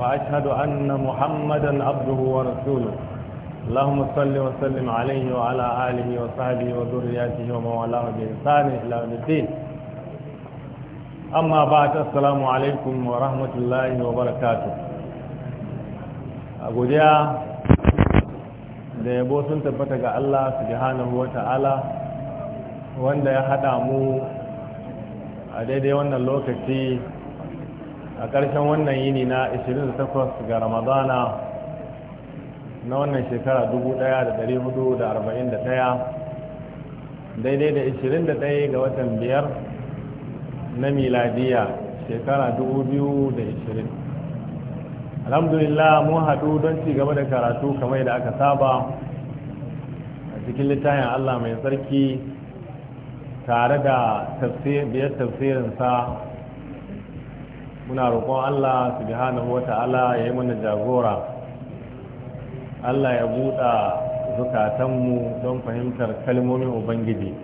وأشهد أن محمدا عبده ورسوله اللهم صل وسلم عليه وعلى آله وصحبه وذرياته ومن والاه بإحسان إلى يوم الدين أما بعد السلام عليكم ورحمة الله وبركاته أقول يا da yabo sun tabbata ga Allah subhanahu wata'ala wanda ya hada mu a daidai wannan lokaci a ƙarshen wannan yini na 28 ga ramadana na wannan shekara 1441 daidai da 21 ga watan biyar na miladiya shekara 2020 alhamdulillah mun haɗu don ci gaba da karatu kamar da aka saba a cikin littafin allah mai tsarki tare da biyar tafsirinsa muna roƙon Allah subhanahu wata'ala ya yi mana jagora Allah ya buɗa zukatanmu don fahimtar kalmomin Ubangiji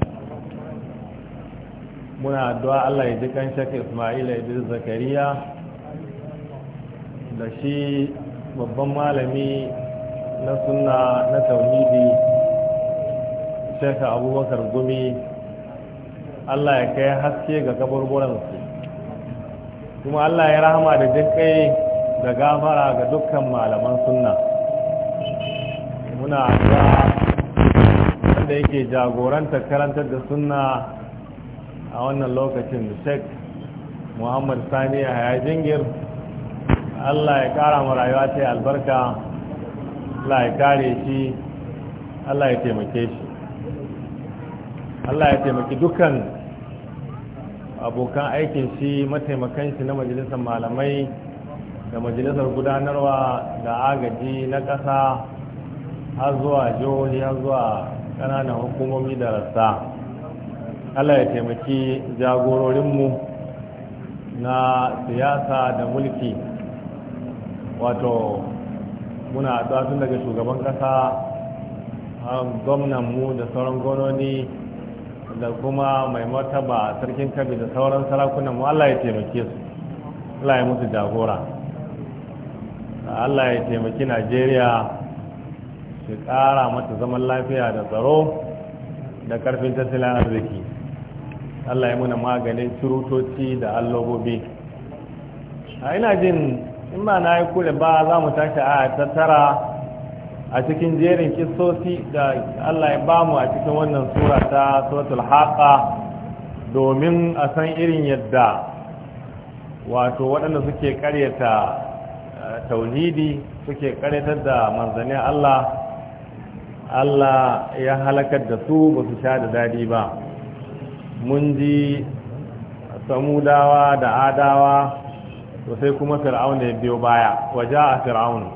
muna addu'a Allah ya ji kan shakka Ismaila Idris Zakariya da shi babban malami na suna na tauhidi shakka abubakar gumi Allah ya kai haske ga kaburburansu kuma Allah ya rahama da jinkai da gafara ga dukkan malaman sunna muna ga wanda yake jagorantar karantar da sunna a wannan lokacin Sheikh Muhammad Sani Yahaya Jingir Allah ya kara mu rayuwa ta albarka Allah ya kare shi Allah ya taimake shi Allah ya taimaki dukkan abokan aikin shi mataimakan shi na majalisar malamai da majalisar gudanarwa da agaji na ƙasa har zuwa jihohi har zuwa ƙananan hukumomi da rassa. allah ya taimaki jagororinmu na siyasa da mulki wato muna tun daga shugaban ƙasa gwamnanmu da sauran gononi da kuma mai martaba sarkin kabi da sauran sarakunan mu Allah ya taimake su Allah ya musu jagora Allah ya taimaki Najeriya su ƙara mata zaman lafiya da tsaro da ƙarfin tattalin arziki Allah ya muna maganin surutoci da allobobi a ina jin in ba na yi kule ba za mu tashi a ta tara a cikin jerin kisosi da Allah ya bamu a cikin wannan sura ta suratul haqa domin a san irin yadda wato waɗanda suke ƙaryata eh, tauhidi suke ƙaryatar da manzannin Allah Allah ya halakar da su ba su sha da daɗi ba mun ji samudawa da adawa to sai kuma fir'aun ya biyo baya waje a fir'aun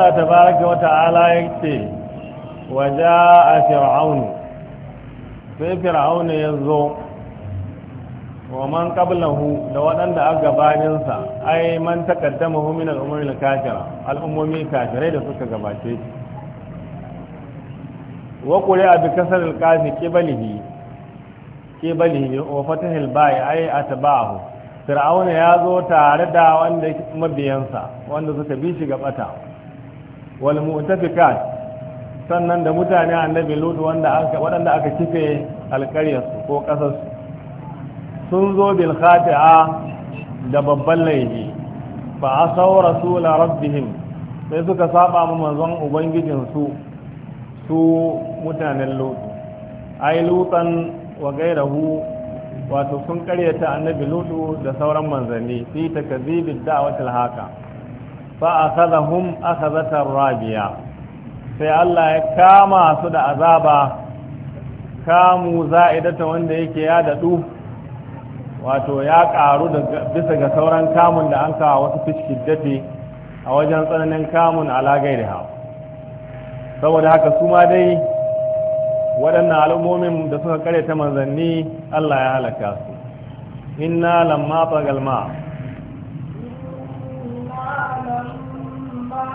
Allah baraka wa ta'ala yake a Fir'auni, sai Fir'auni ya zo wa man qablahu da waɗanda a gabaninsa ai man takaddama min al-umuri al-kafira al-umumi kafirai da suka gabace shi wa quri'a bi kasr al-qafi qibalihi qibalihi wa fatah al-ba'i ai atba'ahu Fir'auni ya zo tare da wanda mabiyansa wanda suka bi shi ga wal mu'tafikat sannan da mutane annabi lutu wanda aka wadanda aka kife su ko ƙasarsu sun zo bil khati'a da babban laifi fa asaw rasul rabbihim sai suka saba ma manzon ubangijin su su mutanen lutu ai lutan wa gairahu wato sun karyata annabi lutu da sauran manzanni fi takazibid da'watil haka فأخذهم أخذة rabiya. sai Allah ya kama su da azaba kamu za'idata wanda yake ya daɗu wato ya ƙaru bisa ga sauran kamun da an kawo wasu dafi a wajen tsananin kamun alagai da saboda haka su ma dai waɗannan al'ummomin da suka kare ta manzanni Allah ya halaka su inna lamma tsagalma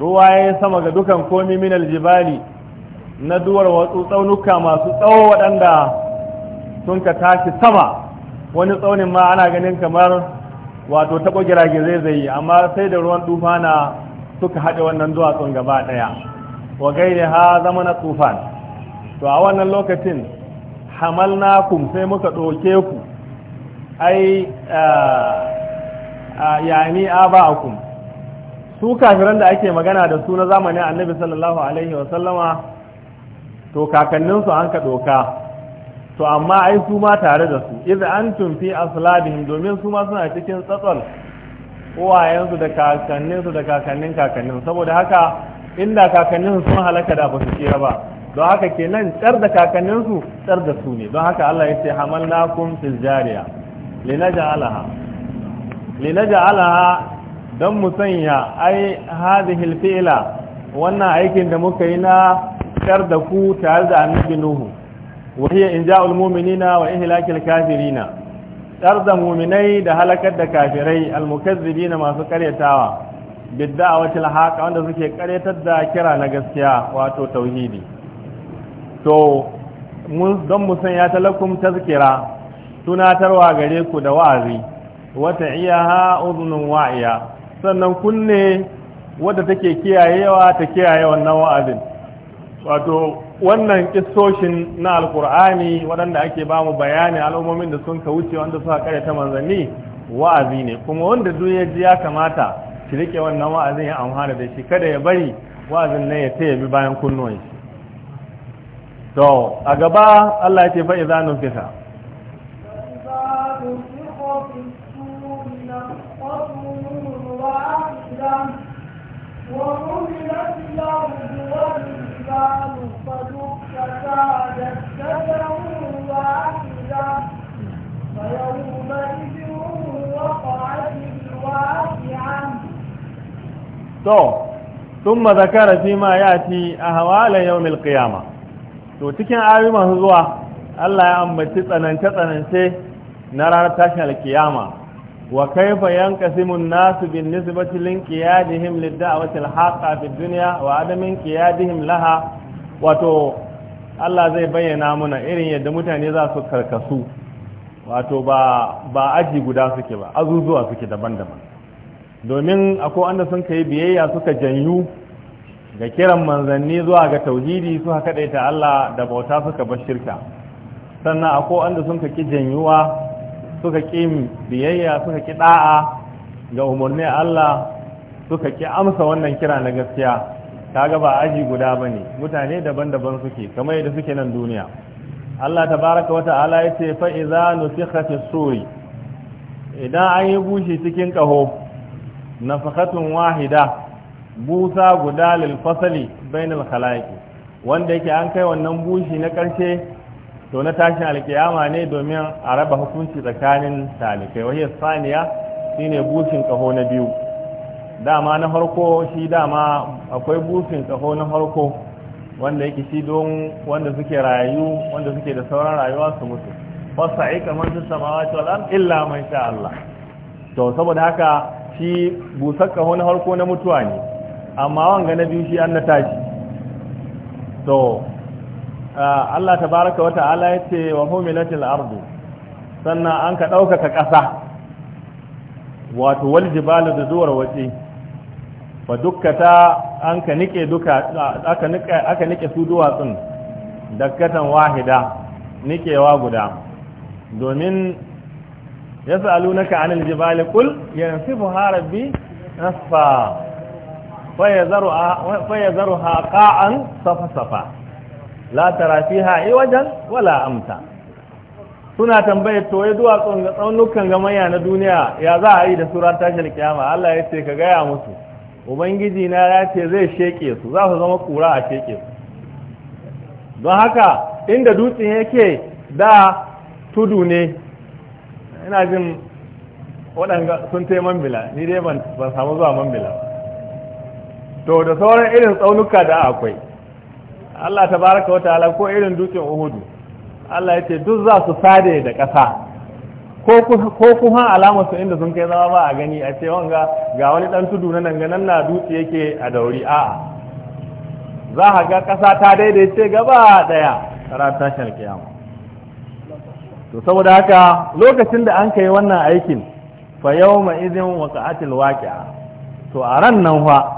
ruwa ya yi sama ga dukan komi min jibali na duwar watsu tsaunuka masu tsawo waɗanda sun ka tashi sama wani tsaunin ma ana ganin kamar wato taɓo girage zai amma sai da ruwan tufana suka haɗe wannan duwatsun gaba ɗaya wa gaire ha zama na tufan to a wannan lokacin ku sai muka ɗauke ku ai eh, eh, yani a ba'akum su kafiran da ake magana da su na zamanin annabi sallallahu alaihi sallama to kakanninsu an ka doka to amma ai su ma tare da su idza antum fi aslabihim domin su ma suna cikin tsatsal uwayensu da kakanninsu da kakannin kakannin saboda haka inda kakannin sun halaka da ba su kira ba don haka kenan tsar da kakanninsu tsar da su ne don haka Allah ya ce hamalnakum fil jariya linaja'alaha linaja'alaha don mu sanya ai hadihil fi'la wannan aikin da muka yi na kar da ku tare da annabi nuhu wa hiya ja'ul mu'minina wa ihlakil kafirina shar da mu'minai da halakar da kafirai al-mukadzibi mukazzibina masu karyatawa bidda'awatil haqa wanda suke karyatar da kira na gaskiya wato tauhidi to don mu sanya talakum tazkira tunatarwa gare ku da wa'azi wata iyaha uzunin wa'iya sannan kunne wadda take kiyayewa ta kiyaye wannan wa'azin wato wannan kissoshin na alkur'ani waɗanda ake ba mu bayani al'ummomin da sun ka wuce wanda suka kare ta manzanni wa'azi ne kuma wanda duk ya ji ya kamata shi rike wannan wa'azin ya amfana da shi kada ya bari wa'azin nan ya taya bi bayan kunnuwan shi to a gaba Allah ya ce fa idza nufisa to وحملت الأرض والجبال فدكتا دكة واحدة فيومئذ وقعت الواقعة ثم ذكر فيما يأتي أهوال يوم القيامة to cikin ayoyi masu zuwa Allah ya ambaci tsanance-tsanance na ranar tashin alkiyama Wa kaifa nasu وكيف ينقسم الناس بالنسبة لانقيادهم للدعوة الحاقة في wa وعدم انقيادهم Laha? Wato Allah zai bayyana mana irin yadda mutane za su karkasu wato ba ba aji guda suke ba azuzuwa suke daban-daban domin akwai wanda sun kai biyayya suka janyu ga kiran manzanni zuwa ga tauhidi suka kadaita Allah da bauta suka bar shirka sannan akwai wanda sun ki janyuwa suka ƙi biyayya suka ƙi ɗa'a ga umarni Allah suka ƙi amsa wannan kira na gaskiya kaga ba aji guda ba ne mutane daban-daban suke kamar yadda suke nan duniya Allah ta baraka wata ala ya ce fa'iza nufi suri idan an yi bushe cikin ƙaho fahatun wahida busa guda lil fasali bainal khalaiki wanda yake an kai wannan bushi na ƙarshe to na tashin alkiyama ne domin a raba hukunci tsakanin talikai wahiyya saniya shine bushin kaho na biyu dama na harko shi dama akwai bushin kaho na harko wanda yake shi don wanda suke rayu wanda suke da sauran rayuwa su mutu fasa'i kamar su samawa ta illa mai sha Allah to saboda haka shi busar kaho na harko na mutuwa ne amma wanga na biyu shi an na tashi to Allah tabaraka wa ta'ala yace wa humilatil ardu sannan an ka ɗaukaka ƙasa wato wal jibalu da zuwar fa dukkata an ka nike duka aka nike aka nike su duwatsun dakkatan wahida nikewa guda domin yas'alunaka anil jibali qul yansifuha rabbi nasfa fa yazaruha fa yazaruha qa'an safa safa la tara fiha iwajan wala amta suna tambaye to ya duwatsun ga tsaunukan gamayya na duniya ya za a yi da sura tashin kiyama Allah ya ce ka gaya musu ubangiji na ya ce zai sheke su za su zama kura a sheke su don haka inda dutsen yake da tudu ne ina jin waɗanda sun tai mambila ni dai ban samu zuwa mambila to da sauran irin tsaunuka da akwai Allah ta baraka wa ta'ala ko irin dukin uhudu Allah ya ce duk za su sade da ƙasa ko kuma alamar su inda sun kai zama ba a gani a ce wanga ga wani ɗan tudu na nan na dutse yake a dauri a za a ga ƙasa ta daidaice gaba daya ran tashin kiyama to saboda haka lokacin da an kai wannan aikin fa yau ma idin waqa'atil waqi'a to a ran nan fa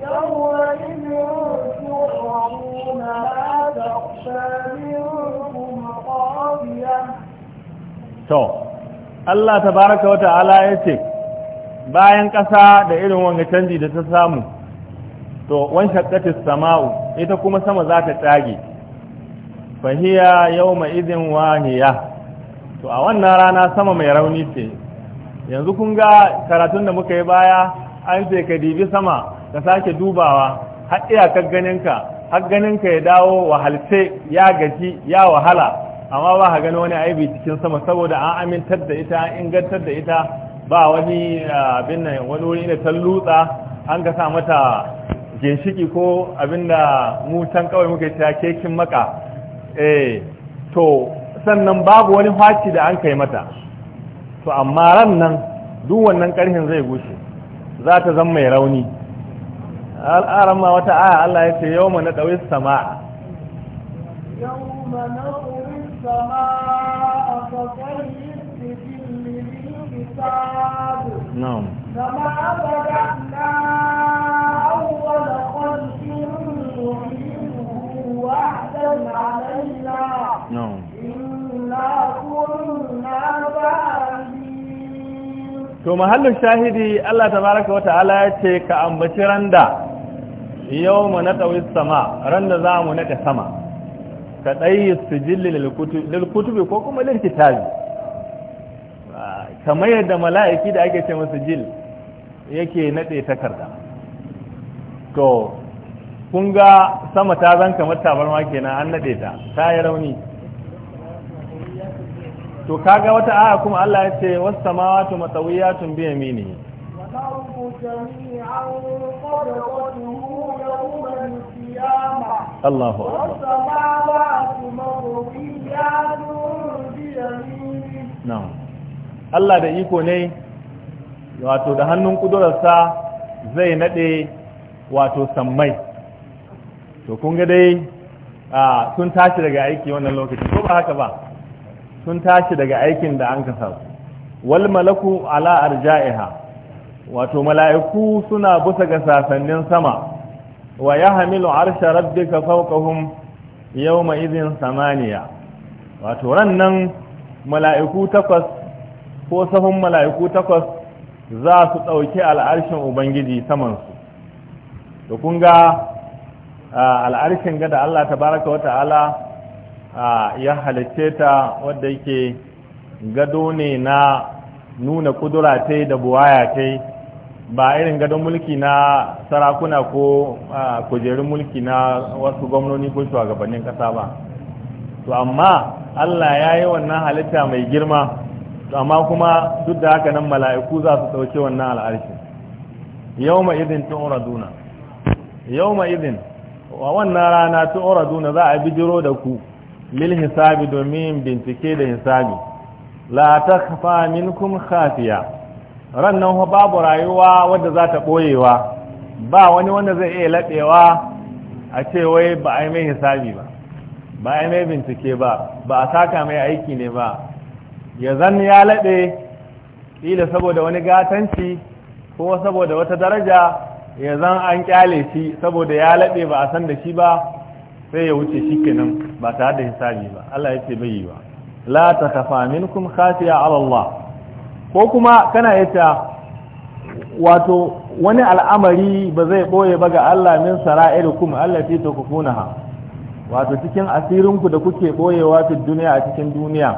To, Allah ta baraka wata ala ya ce bayan ƙasa da irin wanga canji da ta samu to wan shaqqatis sama'u ita kuma sama za ta tsage fahiya yawma izin wahiya to a wannan rana sama mai rauni ce yanzu kun ga karatun da muka yi baya an ce ka dibi sama ka sake dubawa har iyakar ganinka har ganinka ya dawo wahalce ya gaji ya wahala amma ba ka gani wani aibi cikin sama saboda an amintar da ita an ingantar da ita ba wani eh, abin nan wani wuri ne ta lutsa an ka sa mata ginshiki ko abin da mu can kawai muka ta kekin maka eh to sannan babu wani faci da an kai mata to amma ran nan duk wannan karhin zai gushe za ta zama mai rauni har aran ma wata aya Allah ya ce yau ma na ɗauyi sama علينا no. إنا كنا بعد to mahallin shahidi Allah tabaraka wa ta'ala ya ce ka ambaci randa yau mu na tsawis sama randa za mu naɗe sama ka ɗayi sijilli lilkutubi ko kuma lilkitabi kamar yadda mala'iki da ake ce masu jil yake naɗe takarda to kun ga sama ta zan kamar tabarma kenan an naɗe ta ta yi rauni to kaga wata aya kuma Allah ya ce was samawati matawiyatun bi yamini Allahu Allah da iko ne wato da hannun kudurarsa zai nade wato sammai to kun ga dai sun tashi daga aiki wannan lokacin, ko ba haka ba sun tashi daga aikin da an kasar. wal malaku ala arja'iha wato mala'iku suna busa ga sasannin sama wa yahmilu arsha rabbika fawqahum yawma idhin samaniya wato rannan mala'iku takwas ko sahun mala'iku takwas za su ɗauki al'arshin ubangiji samansu to kun ga al'arshin gada Allah tabaraka wa ta'ala ya halice ta wadda yake gado ne na nuna kudura ta da buwaya ta ba irin gadon mulki na sarakuna ko kujerun mulki na wasu gwamnoni ko shugabannin kasa ba to amma allah ya yi wannan halitta mai girma to amma kuma duk da haka nan mala'iku za su ɗauke wannan al'arshi yau ma izin duna yau ma izin wa wannan rana duna za a bijiro da ku lil hisabi domin bincike da hisabi la takfa minkum khafiya rannan babu rayuwa wadda za ta boyewa ba wani wanda zai iya laɓewa a ce wai ba a yi mai hisabi ba ba a yi mai bincike ba ba a saka mai aiki ne ba ya zan ya laɓe ƙila saboda wani gatanci ko saboda wata daraja ya zan an ƙyale shi saboda ya laɓe ba a san da shi ba sai ya wuce shikenan ba tare da hisabi ba Allah ya ce bai yi ba la takafa minkum khafiya ala Allah ko kuma kana yace wato wani al'amari ba zai boye ba ga Allah min sara'irukum allati tukufunaha wato cikin asirinku da kuke boyewa fi duniya a cikin duniya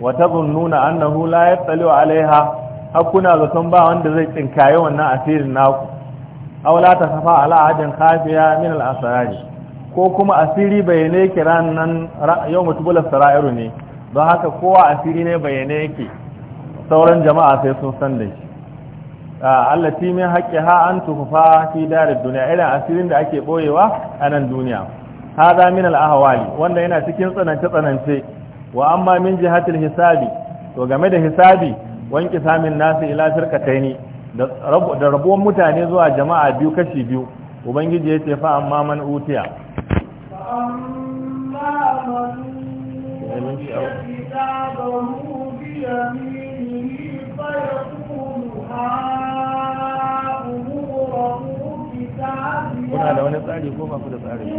wa tazunnuna annahu la yattali'u alaiha hakuna zaton ba wanda zai tsinkaye wannan asirin naku aw la kafa ala ahadin khafiya min al-asrari ko kuma asiri bayyane yake ranan yau mutubular sara'iru ne don haka kowa asiri ne bayyane yake sauran jama'a sai sun san da shi Allah ti min haƙƙi ha an tufa fi darar duniya irin asirin da ake ɓoyewa a nan duniya hada min al-ahwali wanda yana cikin tsanance tsanance wa amma min jihatil hisabi to game da hisabi wanki samin nasu ila firkataini da rabuwan mutane zuwa jama'a biyu kashi biyu ubangiji ya ce fa amma man utiya وأما من كتابه بيمينه فيقول kuna da wani tsari ko ba ku da tsari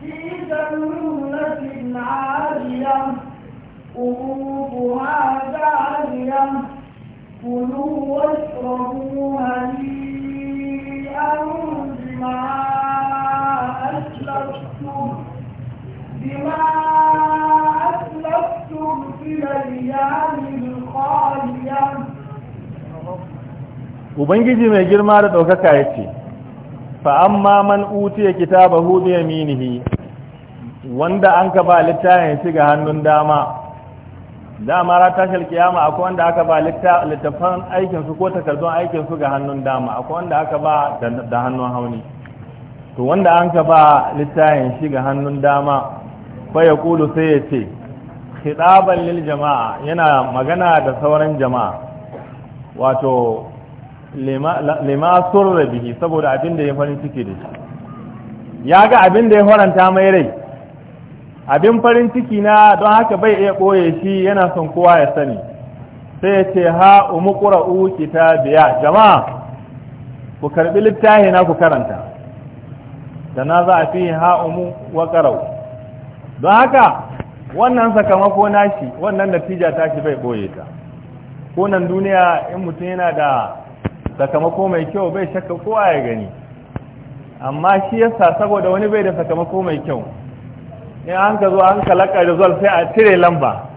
في جنة عالية قلوبها داعية كلوا واشربوا هنيئا بما أسلفتم بما أسلفتم في الأيام الخالية Ubangiji mai girma da ɗaukaka ya ce, Fa'amma man utiya kitabahu bi yaminihi wanda an ka ba littafin shi ga hannun dama dama ra tashar kiyama akwai wanda aka ba littafan aikinsu ko takardun aikinsu ga hannun dama akwai wanda aka ba da hannun hauni to wanda an ka ba littafin shi ga hannun dama fa ya kulu sai ya ce khitaban lil jama'a yana magana da sauran jama'a wato lima surra bihi saboda abin da ya farin ciki da shi ya ga abin da ya faranta mai rai abin farin ciki na don haka bai iya ɓoye shi yana son kowa ya sani sai ya ce ha ta biya jama'a ku karbi littafi na ku karanta da na za a fi ha umu wa don haka wannan sakamako nashi wannan natija tashi bai ɓoye ta ko nan duniya in mutum yana da sakamako mai kyau bai shakka kowa ya gani amma shi yasa saboda wani bai da sakamako mai kyau in an ka zo an kalaka result sai a cire lamba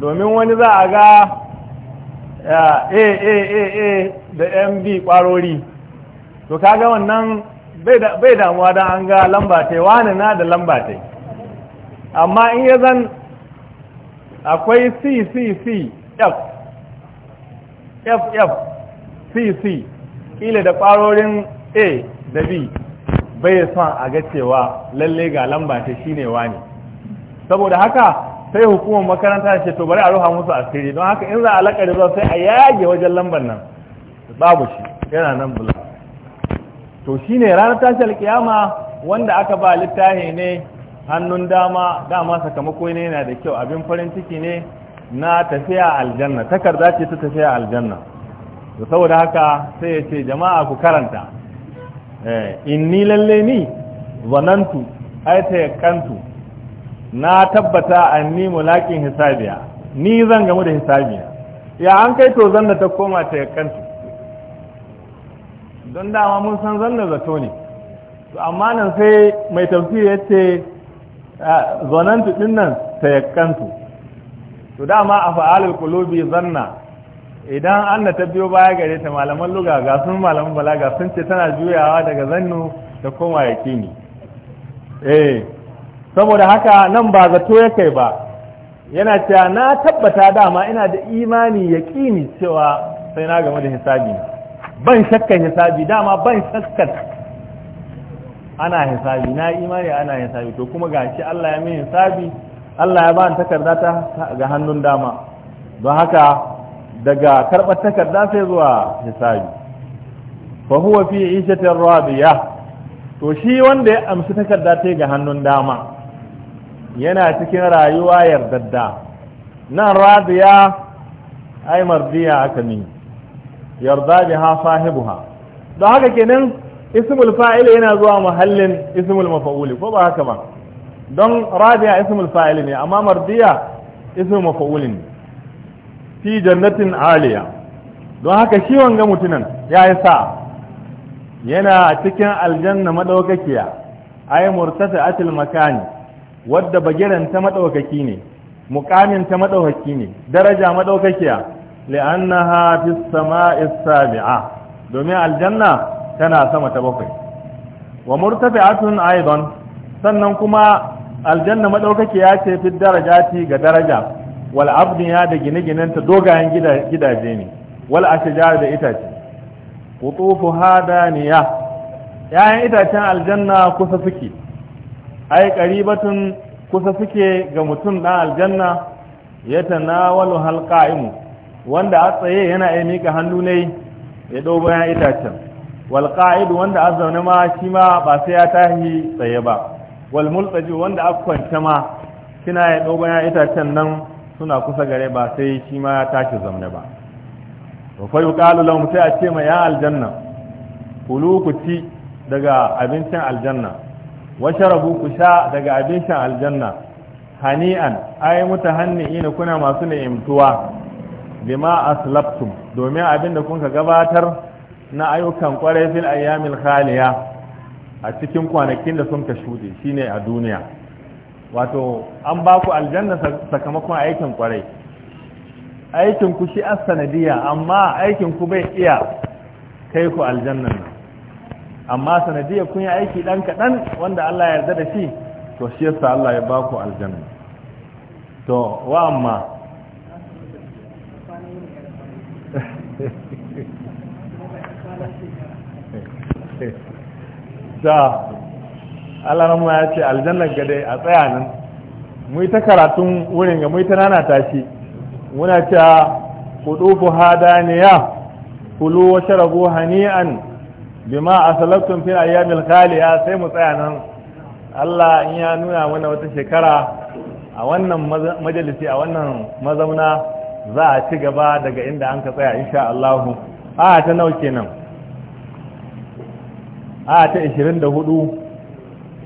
domin wani za a ga a a a a da mb kwarori to kaga wannan bai damuwa don an ga lamba ta wani na da lamba ta amma in ya zan akwai cccf ff cc ila da kwarorin a da b bai ya son a ga cewa lalle ga lamba ta shine wani saboda haka sai hukumar makaranta ce to bari a ruha musu asiri don haka in za a lakari zuwa sai a yage wajen lambar nan babu shi yana nan bula to shine ranar tashi alkiyama wanda aka ba littafi ne hannun dama dama sakamako ne yana da kyau abin farin ciki ne na tafiya aljanna takarda ce ta tafiya aljanna to saboda haka sai ya ce jama'a ku karanta Eh, inni lalle ni zanantu ai ta na tabbata anni mulakin hisabiya ni zan gamu da hisabiya ya an kai to zanna ta koma ta kantu don dama mun san zanna zato ne to amma nan sai mai tafsir ya ce ah, zanantu dinnan ta kantu to dama a fa'alul qulubi zanna idan anna ta biyo baya gare ta malaman luga ga sun malaman balaga sun ce tana juyawa daga zannu da koma yakini eh saboda haka nan ba zato ya kai ba yana cewa na tabbata dama ina da imani yaƙini cewa sai na game da hisabi ban shakkan hisabi dama ban shakkan ana hisabi na imani ana hisabi to kuma ga shi Allah ya min hisabi Allah ya ba ni takarda ta ga hannun dama don haka daga karɓar takarda sai zuwa hisabi fa huwa fi ishatin rabiya to shi wanda ya amsi takarda ta ga hannun dama yana cikin rayuwa yardadda nan rabiya ai mardiya aka ni yarda biha sahibuha don haka kenan ismul fa'ili yana zuwa muhallin ismul mafa'uli ko ba haka ba don rabiya ismul fa'ili ne amma mardiya ismul mafa'uli ne fi jannatin aliya don haka shi wanga mutunan ya yi sa yana cikin aljanna a yi murtasa atil makani wadda bagiran ta maɗaukaki ne mukamin ta maɗaukaki ne daraja maɗaukakiya. ha fi sama isa sabi'a domin aljanna tana sama ta bakwai wa murtafi'atun aidan sannan kuma aljanna maɗaukakiya ce fi ci ga daraja wal ya da gine ta dogayen gidaje ne wal ashjar da itace qutufu hadaniya yayan itacen aljanna kusa suke ai qaribatun kusa suke ga mutum ɗan aljanna ya tanawalu halqa'imu wanda a tsaye yana iya mika hannu ne ya dau bayan itacen wal qa'id wanda a zaune ma shi ma ba sai ya tahi tsaye ba wal multaji wanda a kwance ma kina ya dau bayan itacen nan suna kusa gare ba sai shi ma ya tashi zamne ba wa fa yuqalu lahum sai a ce ma ya aljanna kulu ku ci daga abincin aljanna wa sharabu ku sha daga abincin aljanna hani'an ay ina kuna masu ni'imtuwa bima aslaftum domin abin da kun ka gabatar na ayyukan kwarai fil ayyamil khaliya a cikin kwanakin da sun ka shuɗe shine a duniya wato an ba ku aljanna sakamakon aikin kwarai aikin ku shi as sanadiya amma aikin ku bai iya kai ku aljannan nan amma sanadiya kun yi aiki dan kaɗan wanda Allah ya yarda da shi to shi yasa Allah ya ba ku aljanna to wa amma da Allah ya ce aljannar gade a tsaya nan mu ta karatun wurin ga mu ta nana tashi muna cewa ku kudufu hadaniya lu wa sharabu hani'an bima asalaktum fi ayyamil khaliya sai mu tsaya nan Allah in ya nuna mana wata shekara a wannan majalisi a wannan mazauna za a ci gaba daga inda an ka tsaya insha Allah a ta nauke nan. a ta 24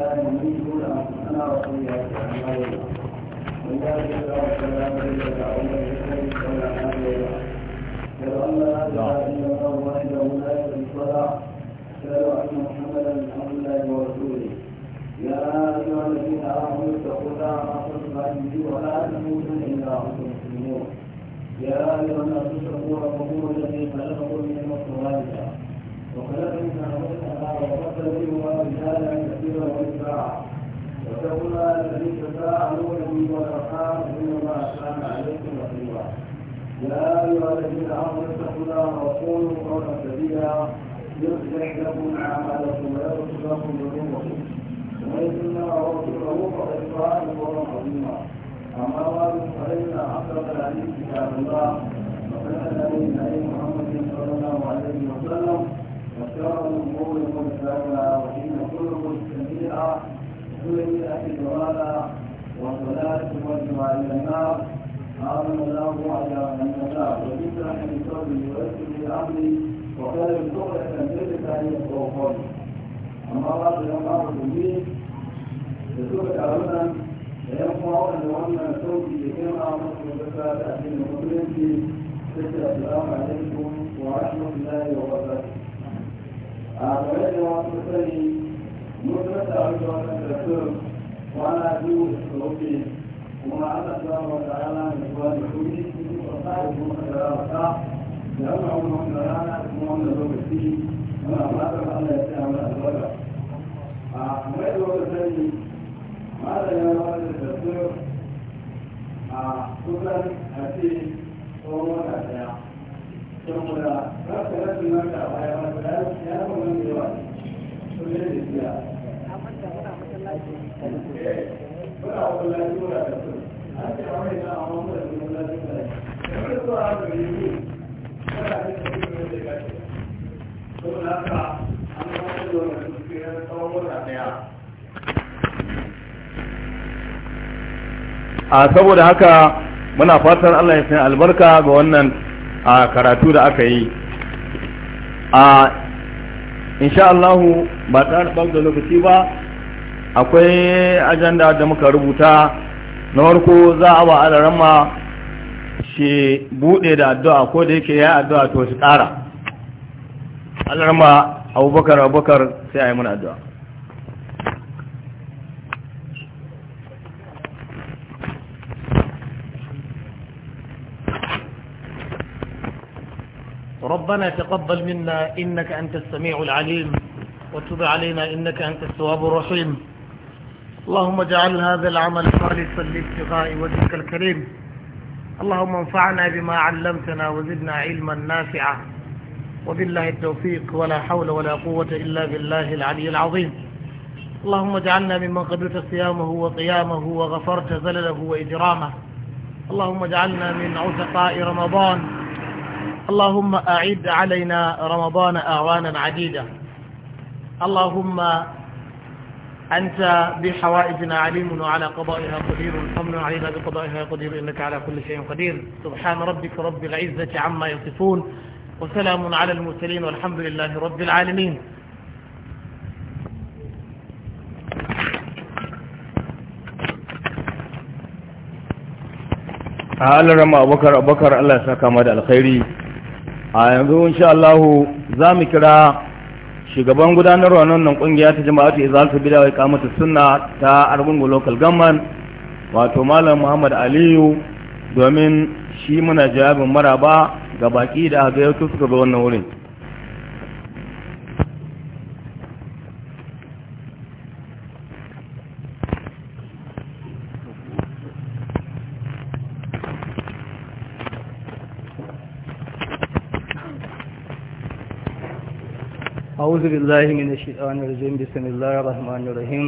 لا نميت أنفسنا وسيئات أعمالنا من يهده الله فلا له ومن يضلل فلا هادي له أشهد أن لا الله وحده لا شريك له أشهد أن محمدا عبد الله ورسوله يا أيها الذين آمنوا اتقوا الله حق تقاته إلا وأنتم مسلمون يا أيها الناس اتقوا ربكم الذي خلقكم من نفس واحدة وخلقت من مثلها وقدم منها رجالا كثيرا ونساء واتقوا الله الذي تساءلون به والارحام ان كان عليكم رقيبا يا ايها الذين امنوا اتقوا الله وقولوا قولا سديدا يصلح لكم اعمالكم ويغفر لكم ذنوبكم ومن ورسوله فقد فاز فوزا عظيما اما بعد فان اصدق الحديث كتاب الله وخير الهدي محمد صلى الله عليه وسلم وشرهم قول المتبنى وإن كل مستميئة سلئت الضلالة والصلاة على النار أعظم الله على من نشاء ويشرح لصدري ويسر لأمري وقال الشغلة تنزل تاريخ وقول أما بعد يوم به يسوع تعالى يقوى أن وأن صوتي كما أمرت بك أهل المسلمين تسأل السلام عليكم ورحمة الله وبركاته a game da sani mutum da abin da wasu da su wani abin da su lauke kuma ana zuwa wata rana da kuma da kuma da kuma da kuma da kuma da kuma da kuma da kuma da rana da kuma da lokaci ya tsaya mana albarka a game da wasu sani mata ya zuwa da da su a kusan a ce tsohon wata a saboda haka muna fatan Allah ya sanya albarka ga wannan a karatu da aka yi a insha Allahu ba ta da lokaci ba akwai ajanda da muka rubuta na farko za a ba alarama shi bude da addu'a ko da yake ya addu'a to shi ƙara alarama abubakar abubakar sai a yi mana addu'a ربنا تقبل منا إنك أنت السميع العليم وتب علينا إنك أنت التواب الرحيم اللهم اجعل هذا العمل خالصا لابتغاء وجهك الكريم اللهم انفعنا بما علمتنا وزدنا علما نافعا وبالله التوفيق ولا حول ولا قوة إلا بالله العلي العظيم اللهم اجعلنا ممن قبلت صيامه وقيامه وغفرت زلله وإجرامه اللهم اجعلنا من عتقاء رمضان اللهم أعد علينا رمضان أعوانا عديدة اللهم أنت بحوائجنا عليم وعلى قضائها قدير والحمد علينا بقضائها قدير إنك على كل شيء قدير سبحان ربك رب العزة عما يصفون وسلام على المرسلين والحمد لله رب العالمين halar rama abokar abokar Allah ya saka ma da a yanzu insha Allah za mu kira shugaban gudanarwa wannan kungiya ta jama'atu izalatu bidawa wa iqamatu sunna ta Argungu local government wato malam Muhammad Aliyu domin shi muna jawabin maraba ga baki da ga yau suka ga wannan wurin أعوذ بالله من الشيطان الرجيم بسم الله الرحمن الرحيم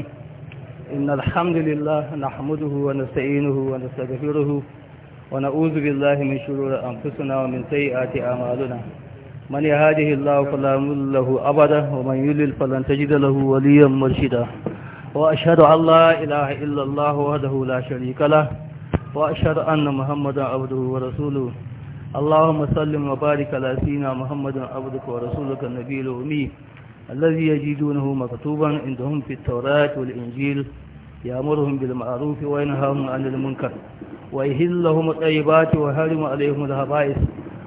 إن الحمد لله نحمده ونستعينه ونستغفره ونعوذ بالله من شرور أنفسنا ومن سيئات أعمالنا من يهده الله فلا مضل له أبدا ومن يضلل فلن تجد له وليا مرشدا وأشهد أن لا إله إلا الله وحده لا شريك له وأشهد أن محمدا عبده ورسوله اللهم سلم وبارك على سيدنا محمد عبدك ورسولك النبي الأمي الذي يجدونه مكتوبا عندهم في التوراة والإنجيل يأمرهم بالمعروف وينهاهم عن المنكر ويهل لهم الطيبات ويحرم عليهم الهبائس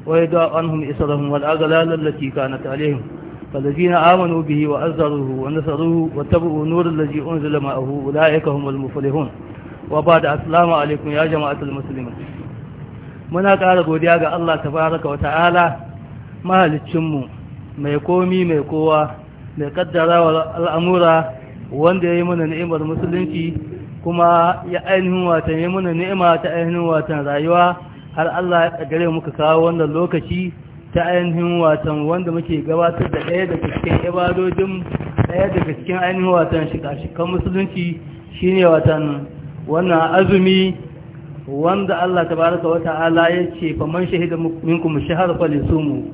ويدع عنهم إسرهم والأغلال التي كانت عليهم فالذين آمنوا به وأزروه ونصروه واتبعوا نور الذي أنزل معه أولئك هم المفلحون وبعد السلام عليكم يا جماعة المسلمين muna ƙara godiya ga Allah tabaraka wa ta'ala mahalicinmu mai komi mai kowa mai kaddara wa al'amura wanda ya yi mana ni'imar musulunci kuma ya ainihin watan ya mana ni'ima ta ainihin watan rayuwa har Allah ya ƙagare muka kawo wannan lokaci ta ainihin watan wanda muke gabatar da ɗaya daga cikin ibadodin ɗaya daga cikin ainihin watan shika-shikan musulunci shine watan wannan azumi wanda Allah baraka wata ala ya ce faman shahida minkum shahar falisumu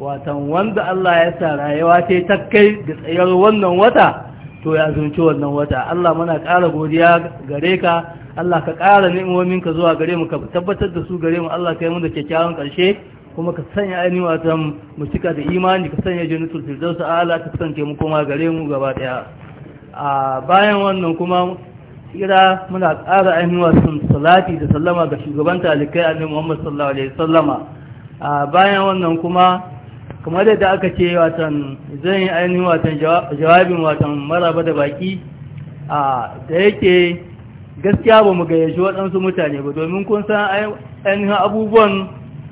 watan wanda Allah ya sa rayuwa ta ta kai da tsayar wannan wata to ya zunci wannan wata Allah muna ƙara godiya gare ka Allah ka ƙara ni'imomin ka zuwa gare mu ka tabbatar da su gare mu Allah ka yi mu da kyakkyawan ƙarshe kuma ka sanya ainihin watan mu cika da imani ka sanya jannatul firdaus ala ta kasance mu koma gare mu gaba daya a bayan wannan kuma kira muna ƙara ainihin wasan salati da sallama ga shugaban talikai annabi Muhammad sallallahu alaihi wasallama a bayan wannan kuma kamar yadda aka ce watan zan yi ainihin watan jawabin watan maraba da baki a da yake gaskiya ba mu gayyaci waɗansu mutane ba domin kun san ainihin abubuwan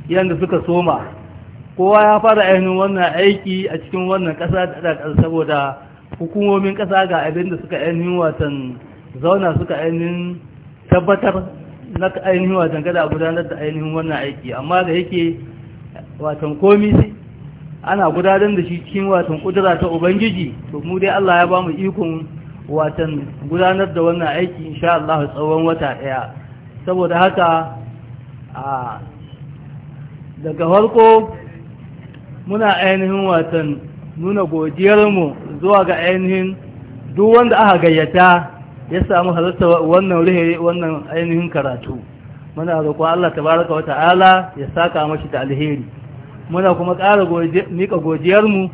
yadda suka soma kowa ya fara ainihin wannan aiki a cikin wannan ƙasa da ɗaɗa saboda hukumomin ƙasa ga abin da suka ainihin watan zauna suka ainihin tabbatar na ainihin watan kada a gudanar da ainihin wannan aiki amma da yake watan komi ana gudanar da shi cikin watan kudura ta ubangiji to mu dai Allah ya ba mu ikon watan gudanar da wannan aiki insha Allah tsawon wata daya saboda haka a daga farko muna ainihin watan nuna godiyarmu zuwa ga ainihin duk wanda aka gayyata ya samu halarta wannan rihe wannan ainihin karatu muna roƙon Allah tabaraka wa ta'ala ya saka mashi da alheri muna kuma ƙara mika godiyarmu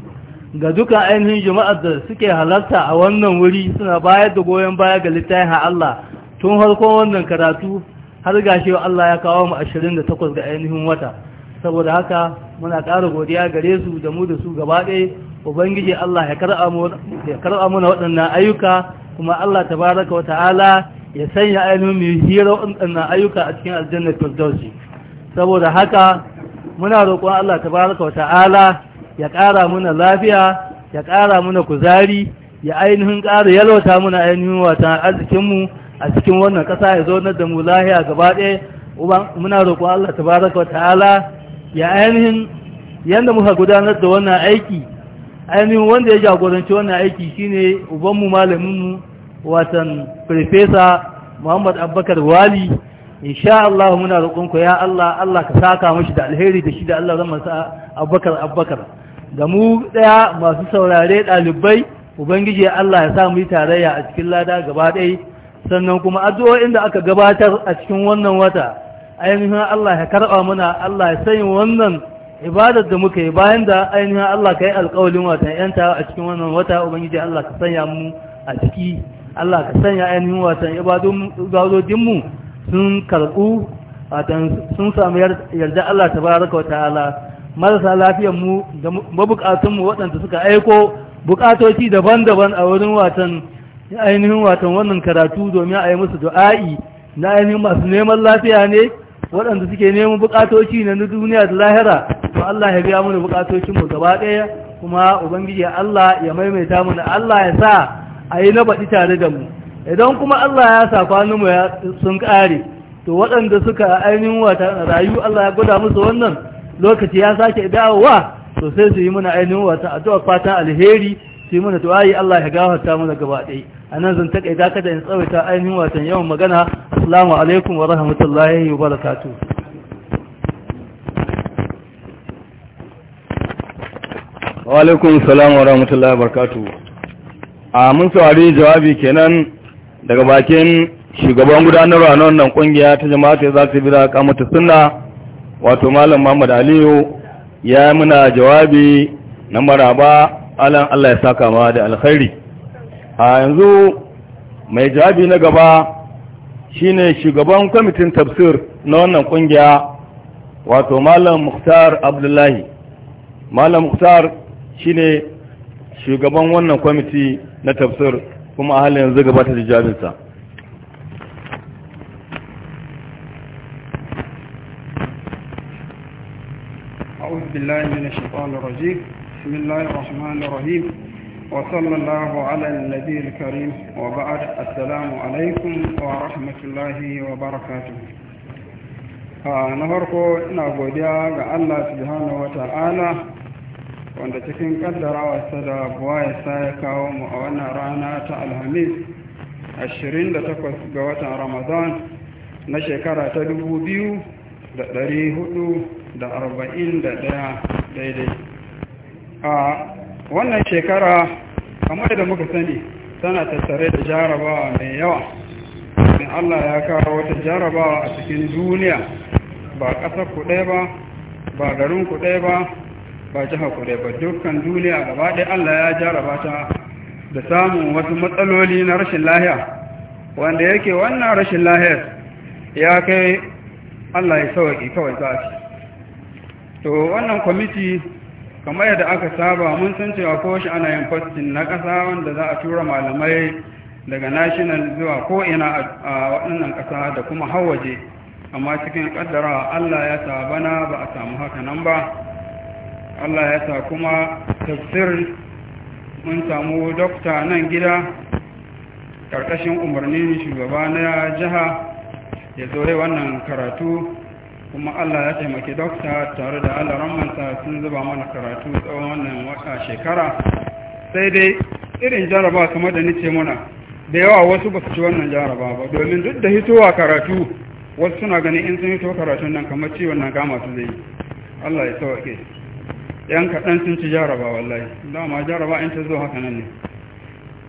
ga duka ainihin jama'ar da suke halarta a wannan wuri suna bayar da goyon baya ga littafin Allah tun harkon wannan karatu har gashi Allah ya kawo mu 28 ga ainihin wata saboda haka muna ƙara godiya gare su da mu da su gaba ɗaya ubangiji Allah ya karɓa mana waɗannan ayyuka kuma Allah tabaraka wata'ala ya sanya ainihin mu hira waɗannan ayyuka a cikin aljannar firdausi saboda haka muna roƙon Allah baraka wata'ala ya ƙara muna lafiya ya ƙara muna kuzari ya ainihin ƙara yalwata muna ainihin wata arzikinmu a cikin wannan ƙasa ya zo da mu lahiya gaba ɗaya muna roƙon Allah baraka wata'ala ya ainihin yadda muka gudanar da wannan aiki ainihin wanda ya jagoranci wannan aiki shine ubanmu malaminmu watan farfesa muhammad abubakar wali insha Allah muna roƙonku ya Allah Allah ka saka mashi da alheri da shi da Allah zama sa Abubakar Abubakar da mu daya masu saurare ɗalibai, ubangiji Allah ya sa mu yi tarayya a cikin lada gaba ɗaya sannan kuma addu'o'in da aka gabatar a cikin wannan wata ainihin Allah ya karɓa mana Allah ya sanya wannan ibadar da muka yi bayan da ainihin Allah ka yi alƙawalin wata yanta a cikin wannan wata ubangiji Allah ka sanya mu a ciki Allah ka sanya ainihin watan ibadodin mu sun karɓu sun samu yarda Allah ta baraka wa ta'ala marasa lafiyar mu da mabukatunmu waɗanda suka aiko bukatoci daban-daban a wurin watan ainihin watan wannan karatu domin a yi musu du'a'i na ainihin masu neman lafiya ne waɗanda suke neman bukatoci na duniya da lahira to Allah ya biya mana bukatocinmu gaba ɗaya kuma ubangiji Allah ya maimaita mana Allah ya sa a yi na baɗi tare da mu idan kuma Allah ya sa mu sun ƙare to waɗanda suka ainihin wata rayu Allah ya gwada musu wannan lokaci ya sake dawowa to sai su yi muna ainihin wata addu'a fatan alheri su yi muna tuwayi Allah ya gafarta mana gaba ɗaya a nan zan take da kada in tsawaita ainihin wata yawan magana assalamu alaikum wa rahmatullahi wa barakatuh wa a'laikum salam wa rahmatullahi wa barkatu a mun saurari jawabi kenan daga bakin shugaban gudanarwa na wannan kungiya ta jama'atu za su bira kamata sunna wato malam Muhammad Aliyu ya muna jawabi na maraba alan Allah ya saka ma da alkhairi a yanzu mai jawabi na gaba shine shugaban kwamitin tafsir na wannan kungiya wato malam Muktar Abdullahi malam Muktar shine shugaban wannan kwamiti na tafsir kuma a halin yanzu gabata da jami'insa أعوذ بالله من الشيطان الرجيم بسم الله الرحمن الرحيم وصلى الله على النبي الكريم وبعد السلام عليكم ورحمة الله وبركاته na farko ina godiya ga Allah subhanahu wa ta'ala wanda cikin kaddarawarsa da buwa ya kawo mu a wannan rana ta alhamis 28 ga watan ramadan na shekara ta 2441 daidai a wannan shekara kamar da muka sani tana tattare da jarabawa mai yawa in allah ya kawo wata jarabawa a cikin duniya ba ƙasar ku ɗaya ba ba garin ku ba ba ji haƙure ba dukkan duniya gaba ɗaya Allah ya jaraba ta da samun wasu matsaloli na rashin lahiya wanda yake wannan rashin lahiyar ya kai Allah ya sauƙi kawai za shi to wannan kwamiti kamar yadda aka saba mun san cewa ko shi ana yin fastin na ƙasa wanda za a tura malamai daga national zuwa ko'ina a waɗannan ƙasa da kuma hawaje amma cikin ƙaddara Allah ya sabana ba a samu haka nan ba Allah ya sa kuma tafsir mun samu dokta nan gida karkashin umarnin shugaba na jiha ya zore wannan karatu kuma Allah ya taimaki dokta tare da Allah ramanta sun zuba mana karatu tsawon wannan wata shekara sai dai irin jaraba kamar da nice muna da yawa wasu ba su ci wannan jaraba ba domin duk da hitowa karatu wasu suna ganin in sun hito karatu nan kamar ciwon na gama su zai Allah ya sauke. yan kaɗan sun ci jaraba wallahi dama jaraba in ta zo haka nan ne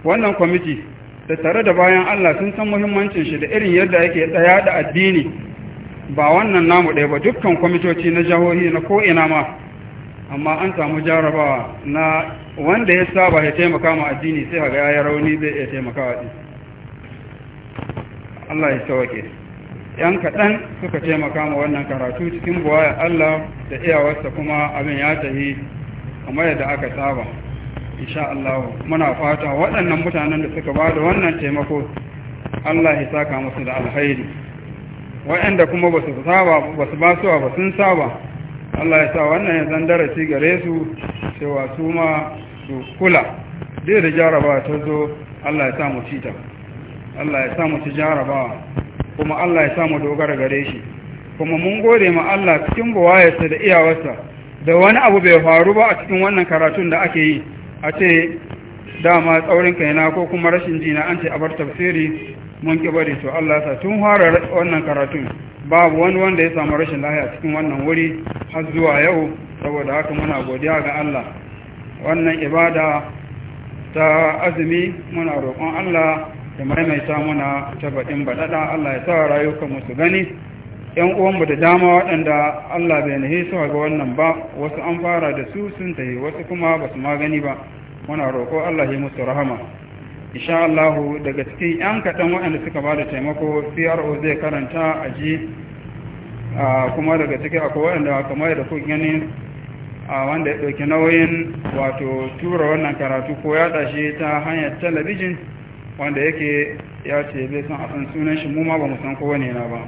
wannan kwamiti da tare da bayan Allah sun san muhimmancin shi da irin yadda yake tsaya da addini ba wannan namu ɗaya ba dukkan kwamitoci na jahohi na ko'ina ma amma an samu jarabawa na wanda ya saba ya taimaka ma addini sai ga ya rauni bai ya wa ɗin Allah ya sauke. yan kaɗan suka taimaka ma wannan karatu cikin buwaya Allah da iyawarsa kuma abin ya tafi kamar yadda aka saba insha Allah muna fata waɗannan mutanen da suka bada wannan taimako Allah ya saka musu da alkhairi waɗanda kuma ba su saba ba su basuwa ba sun saba Allah ya sa wannan ya zan darasi gare su cewa su ma su kula dai da jaraba ta zo Allah ya sa mu cita Allah ya sa mu ci jarabawa kuma Allah ya samu dogara gare shi kuma mun gode ma Allah cikin buwayarsa da iyawarsa da wani abu bai faru ba a cikin wannan karatun da ake yi a ce dama tsaurin kaina ko kuma rashin jina an ce a bar tafsiri mun ki bari to Allah sa tun fara wannan karatun babu wani wanda ya samu rashin lahiya cikin wannan wuri har zuwa yau saboda haka muna godiya ga Allah wannan ibada ta azumi muna roƙon Allah da maimaita muna ta baɗin baɗaɗa Allah ya sa rayukan musu gani ‘yan uwanmu da dama waɗanda Allah bai nahi su ga wannan ba wasu an fara da su sun tahi wasu kuma ba su magani ba muna roƙo Allah ya musu rahama insha Allah daga cikin ‘yan kaɗan waɗanda suka ba da taimako CRO zai karanta a ji kuma daga ciki akwai waɗanda kamar da ku gani a wanda ya ɗauki nauyin wato tura wannan karatu ko yaɗa shi ta hanyar talabijin wanda yake ya ce bai san a san sunan shi mu ma ba mu san kowa ne na ba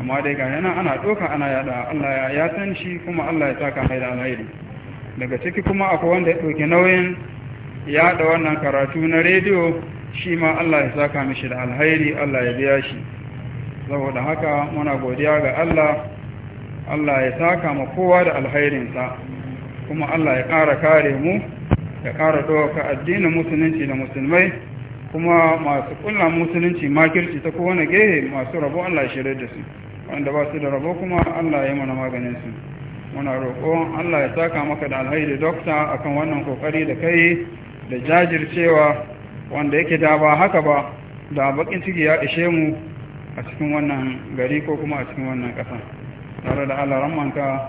amma dai ga yana ana doka ana yada Allah ya san shi kuma Allah ya saka mai da alheri daga ciki kuma akwai wanda ya ɗauki nauyin yaɗa wannan karatu na rediyo shi ma Allah ya saka mishi da alheri Allah ya biya shi saboda haka muna godiya ga Allah Allah ya saka ma kowa da alhairinsa kuma Allah ya kara kare mu ya kara ɗaukar addinin musulunci da musulmai kuma masu kunna musulunci makirci ta kowane gehe masu rabo Allah ya shirar da su wanda ba su da rabo kuma Allah ya yi mana maganin su muna roƙo Allah ya saka maka da alhairi dokta akan wannan kokari da kai da jajircewa wanda yake da ba haka ba da bakin ciki ya ishe mu a cikin wannan gari ko kuma a cikin wannan ƙasa tare da Allah ramanka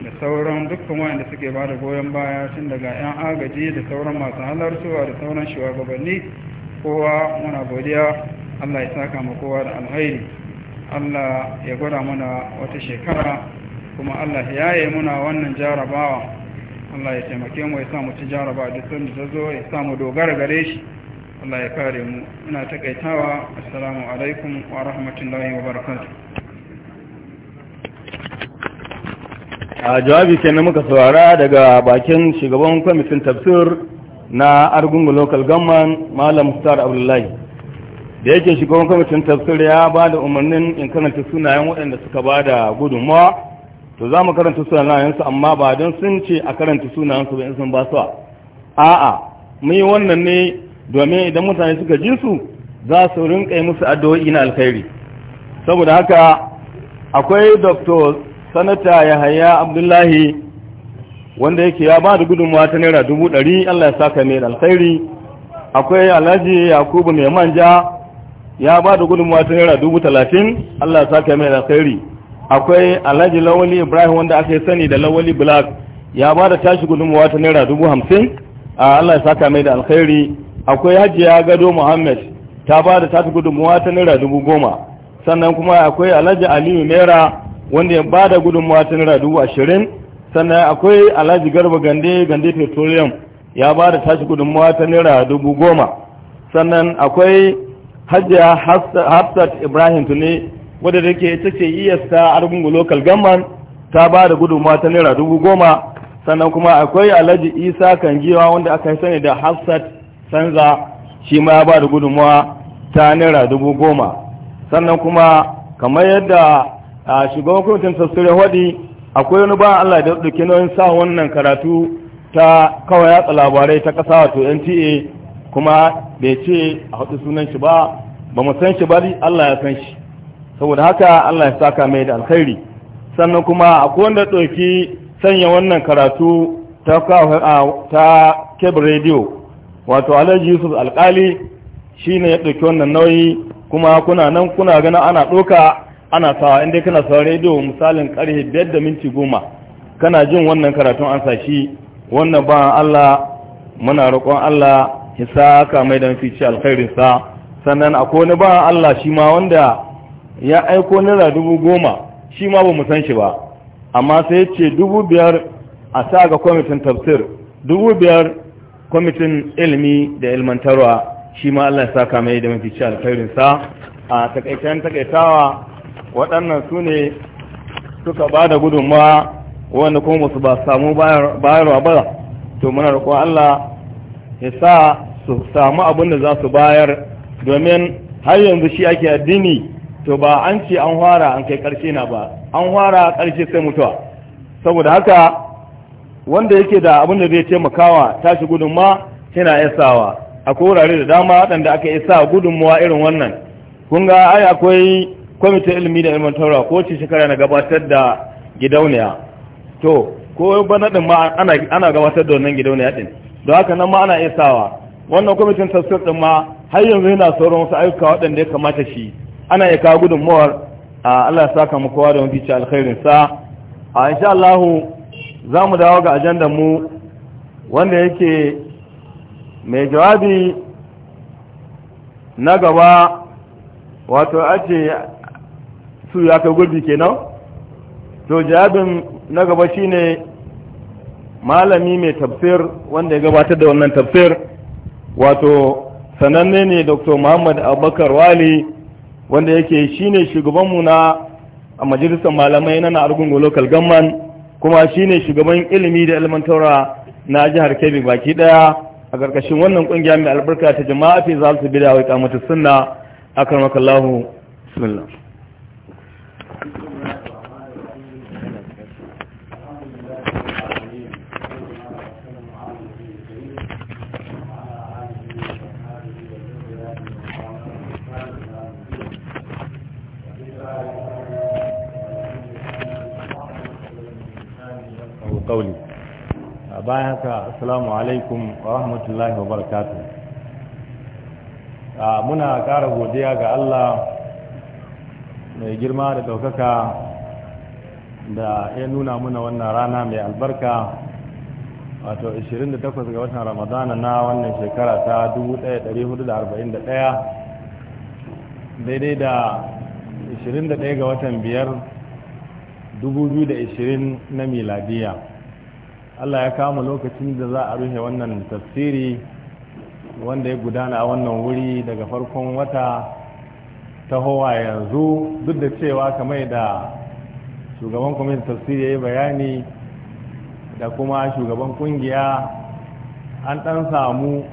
da sauran dukkan wayanda suke ba da goyon baya tun daga 'yan agaji da sauran masu halartowa da sauran shugabanni kowa muna godiya Allah ya saka mu kowa da alhairi Allah ya gwada mana wata shekara kuma Allah ya yi muna wannan jarabawa Allah ya taimake mu ya samu ci jaraba duk sun ta zo ya samu dogara gare shi Allah ya kare mu ina takaitawa assalamu alaikum wa rahmatullahi wa barakatuh a jawabi kenan muka saurara daga bakin shugaban kwamitin tafsir na argungu local government malam Star abdullahi da yake shugaban kwamitin tafsir ya ba da umarnin in karanta sunayen waɗanda suka ba da gudunmawa to za mu karanta sunayensu amma ba don sun ce a karanta sunayensu ba in sun ba su a'a mu yi wannan ne domin idan mutane suka ji su za su rinƙa musu addu'o'i na alkhairi saboda haka akwai dr sanata yahaya abdullahi wanda yake ya ba da gudunmawa ta naira dubu ɗari allah ya saka mai alkhairi akwai alhaji yakubu mai manja ya ba da gudunmawa ta naira dubu talatin allah ya saka mai alkhairi akwai alhaji lawali ibrahim wanda aka sani da lawali black ya ba da tashi gudunmawa ta naira dubu hamsin allah ya saka mai da alkhairi akwai hajiya gado muhammad ta ba da tashi gudunmawa ta naira dubu goma sannan kuma akwai alhaji aliyu naira wanda ya ba da gudunmawa ta naira dubu ashirin sannan akwai alhaji garba gande gande petroleum ya ba da tashi gudunmawa ta naira dubu goma sannan akwai hajiya hafsat ibrahim tuni wadda da ke ita ce iyasta e argungu local Gamman ta ba da gudunmawa ta naira dubu goma sannan kuma akwai alhaji isa kangiwa wanda aka yi sani da hafsat sanza shi ma ya ba da gudunmawa ta naira dubu goma sannan kuma kamar yadda a shugaban kwamitin sassure hodi akwai wani ba Allah da dauke nauyin sa wannan karatu ta kawai yatsa labarai ta kasa wato NTA kuma bai ce a haɗu sunan shi ba ba mu san shi ba Allah ya san shi saboda haka Allah ya saka mai da alkhairi sannan kuma akwai wanda ɗauki sanya wannan karatu ta ta keb radio wato Alhaji Yusuf Alkali shine ya ɗauki wannan nauyi kuma kuna nan kuna gani ana ɗauka ana sawa inda kana sawa rediyo misalin karhe biyar da minti goma kana jin wannan karatun an sashi wannan ba Allah muna roƙon Allah hisa ka mai da fice alkhairin sa sannan akwai wani ba Allah shi ma wanda ya aiko naira dubu goma shi ma ba mu san shi ba amma sai ya ce dubu biyar a sa ga kwamitin tafsir dubu biyar kwamitin ilimi da ilmantarwa shi ma Allah ya saka mai da mafi ci alkhairin sa a takaitan takaitawa waɗannan su ne suka ba da gudunmawa wanda kuma musu ba samu bayarwa ba to muna roƙon Allah ya sa su samu abin da za su bayar domin har yanzu shi ake addini to ba an ce an fara an kai ƙarshe na ba an fara ƙarshe sai mutuwa saboda haka wanda yake da abin da zai taimakawa tashi gudunma yana yasawa akwai wurare da dama waɗanda aka isa gudunmawa irin wannan kun ga ai akwai kwamitin ilimi da ilimin taura ko ce shekara na gabatar da gidauniya to ko bana din ma ana gabatar da wannan gidauniya din don haka nan ma ana iya sawa wannan kwamitin tafsir din ma har yanzu yana sauran wasu ayyuka waɗanda ya kamata shi ana iya kawo gudunmuwar a Allah ya kama kowa da mafi alkhairin sa a insha Allah za mu dawo ga ajandar mu wanda yake mai jawabi na gaba wato ace su ya kai gurbi kenan to jawabin na gaba shine malami mai tafsir wanda ya gabatar da wannan tafsir wato sananne ne dr muhammad abubakar wali wanda yake shine shugabanmu na a majalisar malamai na argungu local government kuma shine shugaban ilimi da ilmantarwa na jihar kebbi baki daya a karkashin wannan kungiya mai albarka ta jama'a fi za su bi da wai kamata sunna akan makallahu bismillah qawli bayan haka assalamu alaikum wa rahmatullahi wa barakatuh muna ƙara godiya ga Allah mai girma da ɗaukaka da ya nuna muna wannan rana mai albarka wato 28 ga watan ramadana na wannan shekara ta 1441 daidai da 21 ga watan 5 2020 na miladiya Allah ya kama lokacin da za a rushe wannan tafsiri wanda ya gudana a wannan wuri daga farkon wata ta tahowa yanzu duk da cewa kamar da shugaban kwamitin tafsiri ya yi bayani da kuma shugaban kungiya an ɗan samu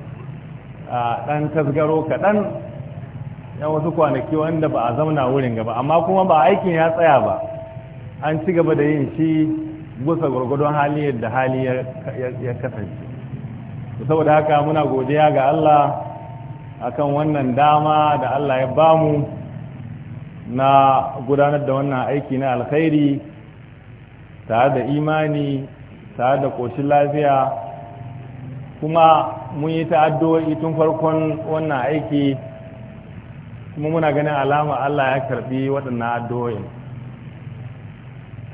a ɗan tasgaro kaɗan yan wasu kwanaki wanda ba a zauna wurin gaba amma kuma ba aikin ya tsaya ba an ci gaba da yin shi gusa gwargwadon hali yadda hali ya kasance saboda haka muna godiya ga Allah akan wannan dama da Allah ya bamu na gudanar da wannan aiki na alkhairi tare da imani tare da ƙoshin lafiya kuma mun yi ta'addo'i tun farkon wannan aiki kuma muna ganin alama Allah ya karbi waɗannan addu'o'i.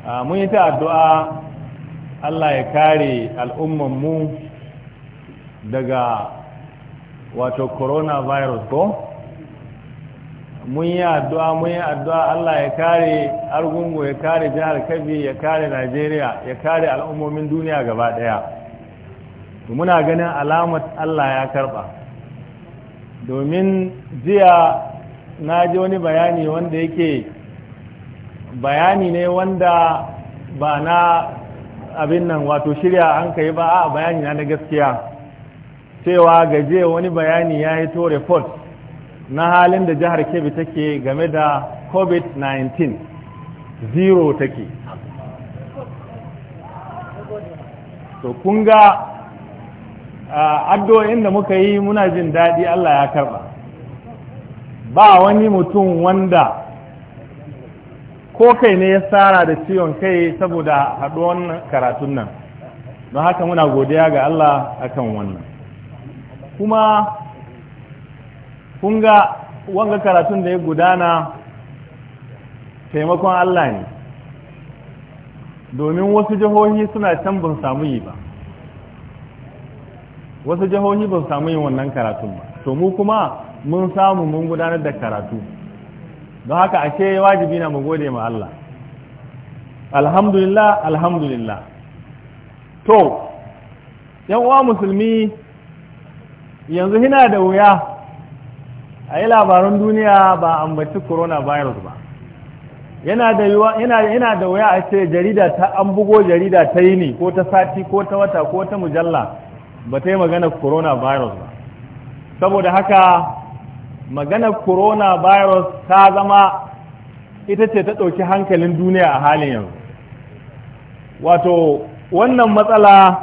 mun yi ta addu'a Allah ya kare mu daga wato corona virus ko? mun yi addu'a mun yi addu'a Allah ya kare argungu ya kare jihar kabi ya kare Najeriya ya kare al'ummomin duniya gaba ɗaya muna ganin alamat Allah ya karɓa domin jiya na ji wani bayani wanda yake bayani ne wanda ba na abin nan wato shirya an kai ba a bayani na na gaskiya cewa gaje wani bayani ya yi to report na halin da jihar kebbi take game da covid-19 zero take to kunga addo da muka yi muna jin daɗi allah ya karba ba wani mutum wanda ko kai ne ya tsara da ciwon kai saboda haɗuwan karatun nan don haka muna godiya ga Allah akan wannan kuma kun wanga karatun da ya gudana taimakon Allah ne domin wasu jihohi suna can ban samu yi ba wasu jihohi ban samu yin wannan karatun ba to mu kuma mun samu mun gudanar da karatu don haka ashe wajibi na mu gode ma Allah alhamdulillah alhamdulillah to yan uwa musulmi yanzu hina da wuya a yi labaran duniya ba ambaci coronavirus ba yana da wuya a ce jarida ta an bugo jarida ta yi ne ko ta sati ko ta wata ko ta mujalla ba ta yi magana coronavirus ba saboda haka maganar coronavirus ta zama ita ce ta ɗauki hankalin duniya a halin yanzu wato wannan matsala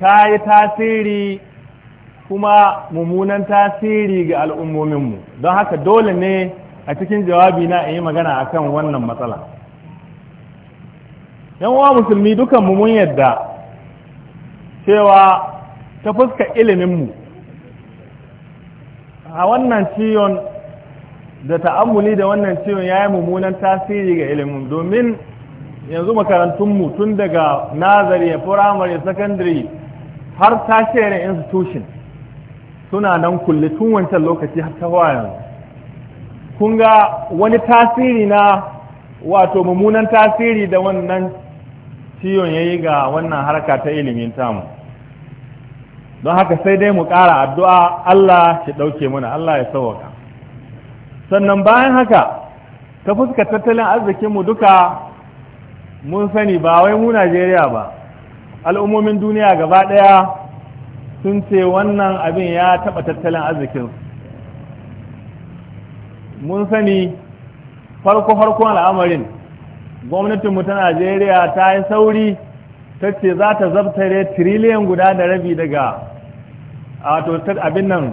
ta yi tasiri kuma mummunan tasiri ga al'ummominmu don haka dole ne a cikin jawabi na in yi magana akan wannan matsala yan uwa musulmi mu mun yadda cewa ta fuska iliminmu a wannan ciyon da ta'amuli da wannan ciyon ya yi mummunan tasiri ga ilimin domin yanzu makarantunmu tun daga nazari ya firamare secondary har tashirin institution suna nan kulle tun wancan lokaci har ta yanzu kun ga wani tasiri na wato mummunan tasiri da wannan ciyon ya yi ga wannan harka ta ilimin tamu don haka sai dai mu ƙara addu'a Allah shi ɗauke mana. Allah ya sauwaka sannan bayan haka ta fuska tattalin arzikinmu duka mun sani ba wai mu Najeriya ba al'ummomin duniya gaba ɗaya sun ce wannan abin ya taɓa tattalin arzikin mun sani farko-farkon al'amarin gwamnatinmu ta Najeriya ta yi sauri ta ce za ta zabtare tiriliyan guda da rabi daga a to abin nan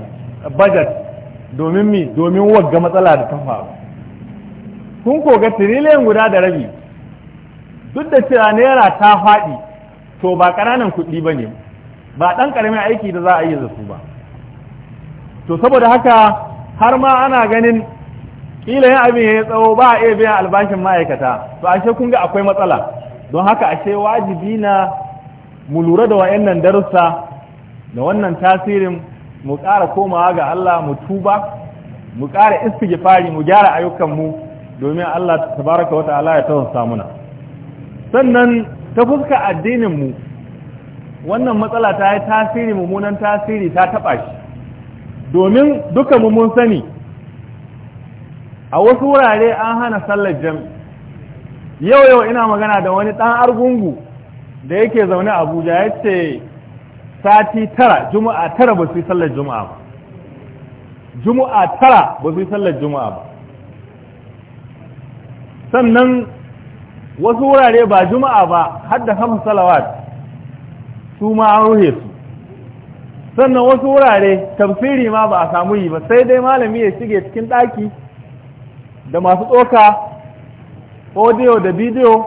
budget domin mi domin wagga matsala da ta faru kun koga tiriliyan guda da rabi duk da cewa naira ta faɗi to ba ƙananan kuɗi ba ne ba ɗan ƙaramin aiki da za a yi zasu ba to saboda haka har ma ana ganin ƙila yin abin ya yi tsawo ba a iya biyan albashin ma'aikata to ashe kun ga akwai matsala don haka ashe wajibi na mu lura da wa'annan darussa da wannan tasirin mu ƙara komawa ga Allah mu tuba mu ƙara istighfari mu gyara ayyukanmu domin Allah tabaraka wa ta'ala ya tausa muna sannan ta fuska addinin mu wannan matsala ta yi tasiri mummunan tasiri ta taɓa shi domin duka mun sani a wasu wurare an hana sallar jami yau yau ina magana da wani ɗan argungu da yake zaune a abuja yace sati tara juma'a tara ba su yi sallar juma'a ba juma'a tara ba su yi sallar juma'a ba sannan wasu wurare ba juma'a ba har da salawat su ma an ruhe su sannan wasu wurare tafsiri ma ba a samu yi ba sai dai malami ya shige cikin ɗaki da masu tsoka audio da bidiyo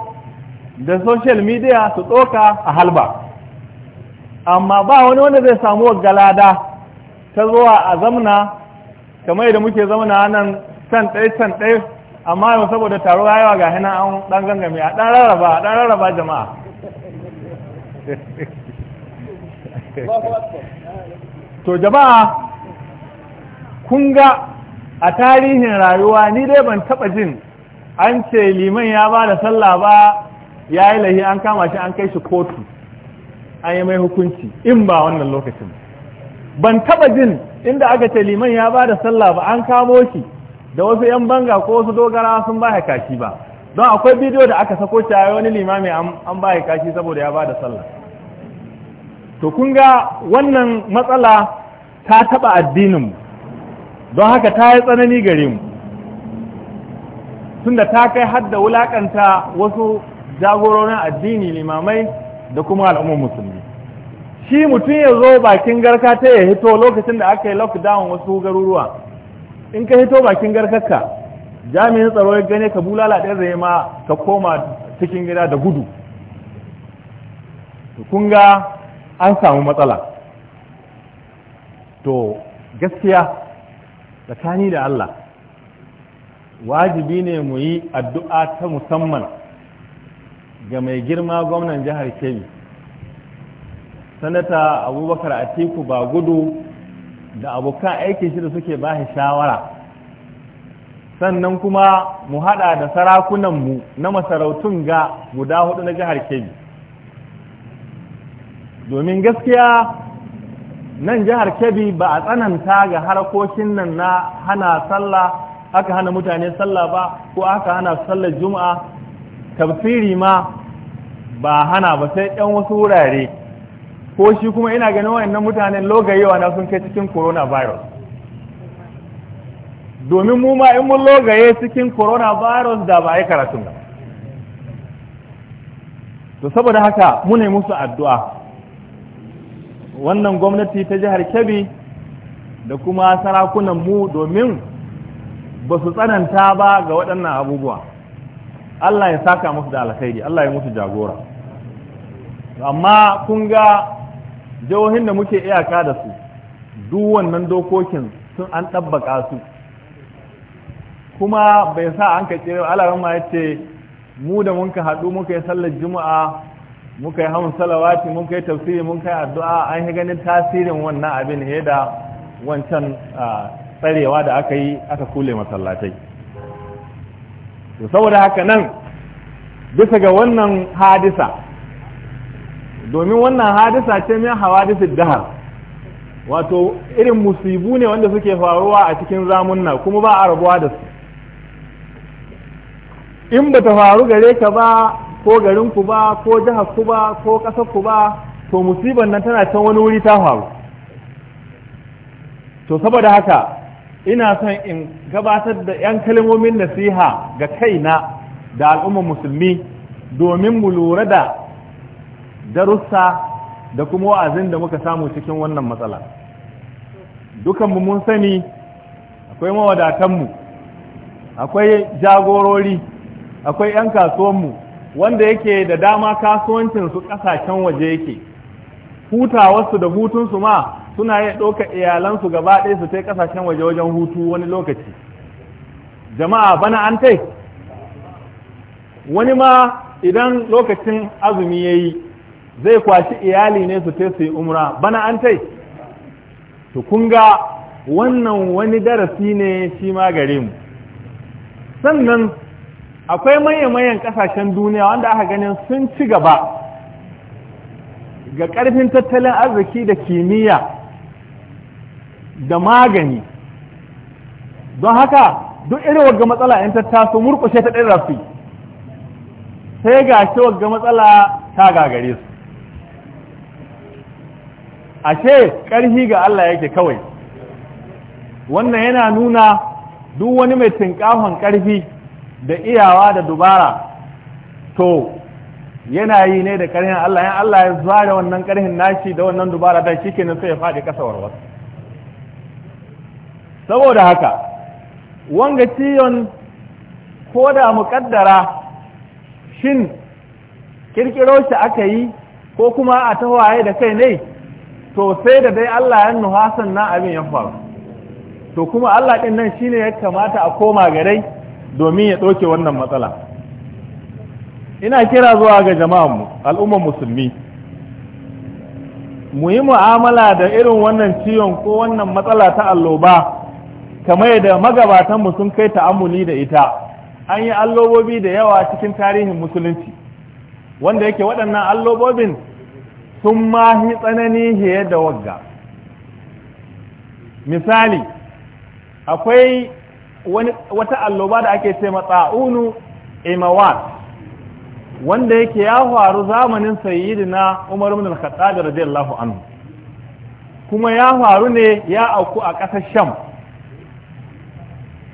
da social media su tsoka a halba amma ba wani wanda zai samu galada ta zuwa a zamna kamar da muke zamna nan can ɗaya can ɗaya amma yau saboda taro ya yawa ga hina an ɗan gangame a ɗan rarraba a ɗan rarraba jama'a to jama'a kun ga a tarihin rayuwa ni dai ban taɓa jin an ce liman ya ba da sallah ba ya yi lahi an kama shi an kai shi kotu an yi mai hukunci in ba wannan lokacin ban taba jin inda aka ce liman ya ba da sallah ba an kamo shi da wasu 'yan banga ko wasu dogara sun ba kashi ba don akwai bidiyo da aka sako shi a wani limami an ba kashi saboda ya ba da sallah to kun ga wannan matsala ta taba addininmu don haka ta yi tsanani gare mu tunda ta kai hadda wulakanta wasu jagororin addini limamai da kuma al'ummar musulmi shi mutum ya zo bakin garka ta ya hito lokacin da aka yi lockdown wasu garuruwa in ka hito bakin garkarka jami'in tsaro ya gane ka bulala ɗin zai ma ka koma cikin gida da gudu kun ga an samu matsala to gaskiya tsakani da Allah wajibi ne mu yi addu'a ta musamman ga mai girma gwamnan jihar kebbi sanata abubakar atiku ba gudu da abokan aikin shi da suke ba shawara sannan kuma mu hada da sarakunan mu na masarautun ga guda hudu na jihar kebbi domin gaskiya nan jihar kebbi ba a tsananta ga harkokin nan na hana sallah aka hana mutane sallah ba ko aka hana sallar juma'a tafsiri ma ba hana ba sai ɗan wasu wurare ko shi kuma ina ganin wa'annan mutanen logayewa na sun kai cikin coronavirus domin mu ma in mun logaye cikin coronavirus da ba a yi karatun ba to saboda haka muna musu addu'a wannan gwamnati ta jihar kebbi da kuma sarakunan mu domin ba su tsananta ba ga waɗannan abubuwa Allah ya saka musu da alkhairi Allah ya musu jagora amma kun ga jihohin da muke iyaka da su duk wannan dokokin sun an ɗabbaka su kuma bai sa an ka kira alaran ma yace mu da mun ka haɗu muka yi sallar juma'a muka yi hamun salawati muka yi tafsiri muka yi addu'a an yi ganin tasirin wannan abin da wancan ah, tsarewa da aka yi aka kule masallatai to saboda haka nan bisa ga wannan hadisa domin wannan hadisa ce min hawadisu dahar wato irin musibu ne wanda suke faruwa a cikin zamunna kuma ba a rabuwa da su in ba ta faru gare ka ba ko garin ku ba ko jihar ku ba ko ƙasar ku ba to musibar nan tana can wani wuri ta faru to saboda haka ina son in gabatar da 'yan kalmomin nasiha ga kaina da al'ummar musulmi domin mu lura da darussa da kuma wa'azin da muka samu cikin wannan matsala dukanmu mun sani akwai mawadatanmu akwai jagorori akwai 'yan kasuwanmu wanda yake da dama kasuwancinsu ƙasashen waje yake hutawarsu da hutunsu ma suna iya ɗauka iyalansu gaba ɗaya su yi ƙasashen waje wajen hutu wani lokaci jama'a bana an tai wani ma idan lokacin azumi ya yi zai kwashi iyali ne su ta su yi umra bana an tai to kun ga wannan wani darasi ne shi ma gare mu sannan akwai manya manyan ƙasashen duniya wanda aka ganin sun ci gaba ga ƙarfin tattalin arziki da kimiyya da magani don haka duk irin wagga matsala in ta murkushe murƙushe ta ɗin rafi sai ga shi wagga matsala ta gagare su ashe ƙarfi ga Allah yake kawai wannan yana nuna duk wani mai tinkahon ƙarfi da iyawa da dubara to yana yi ne da ƙarhin Allah yan Allah ya zare wannan ƙarhin nashi da wannan dubara da shikenan sai ya faɗi kasa wasu saboda haka wanga ciyon ko da muƙaddara shin kirkiro shi aka yi ko kuma a tawaye da kai ne to sai da dai Allah ya nuhasan na abin ya faru to kuma Allah ɗin nan shi ne ya kamata a koma garai domin ya ɗauke wannan matsala ina kira zuwa ga jama'anmu al'ummar musulmi mu yi mu'amala da irin wannan ciwon ko wannan matsala ta alloba kamar yadda magabatanmu sun kai ta'amuli da ita an yi allobobi da yawa cikin tarihin musulunci wanda yake waɗannan allobobin sun mahi tsanani heye da wagga misali akwai wata alloba da ake ce matsa'unu imawat wanda yake ya faru zamanin sayyidina Umar ibn al-Khattab radiyallahu anhu kuma ya faru ne ya auku a ƙasar Sham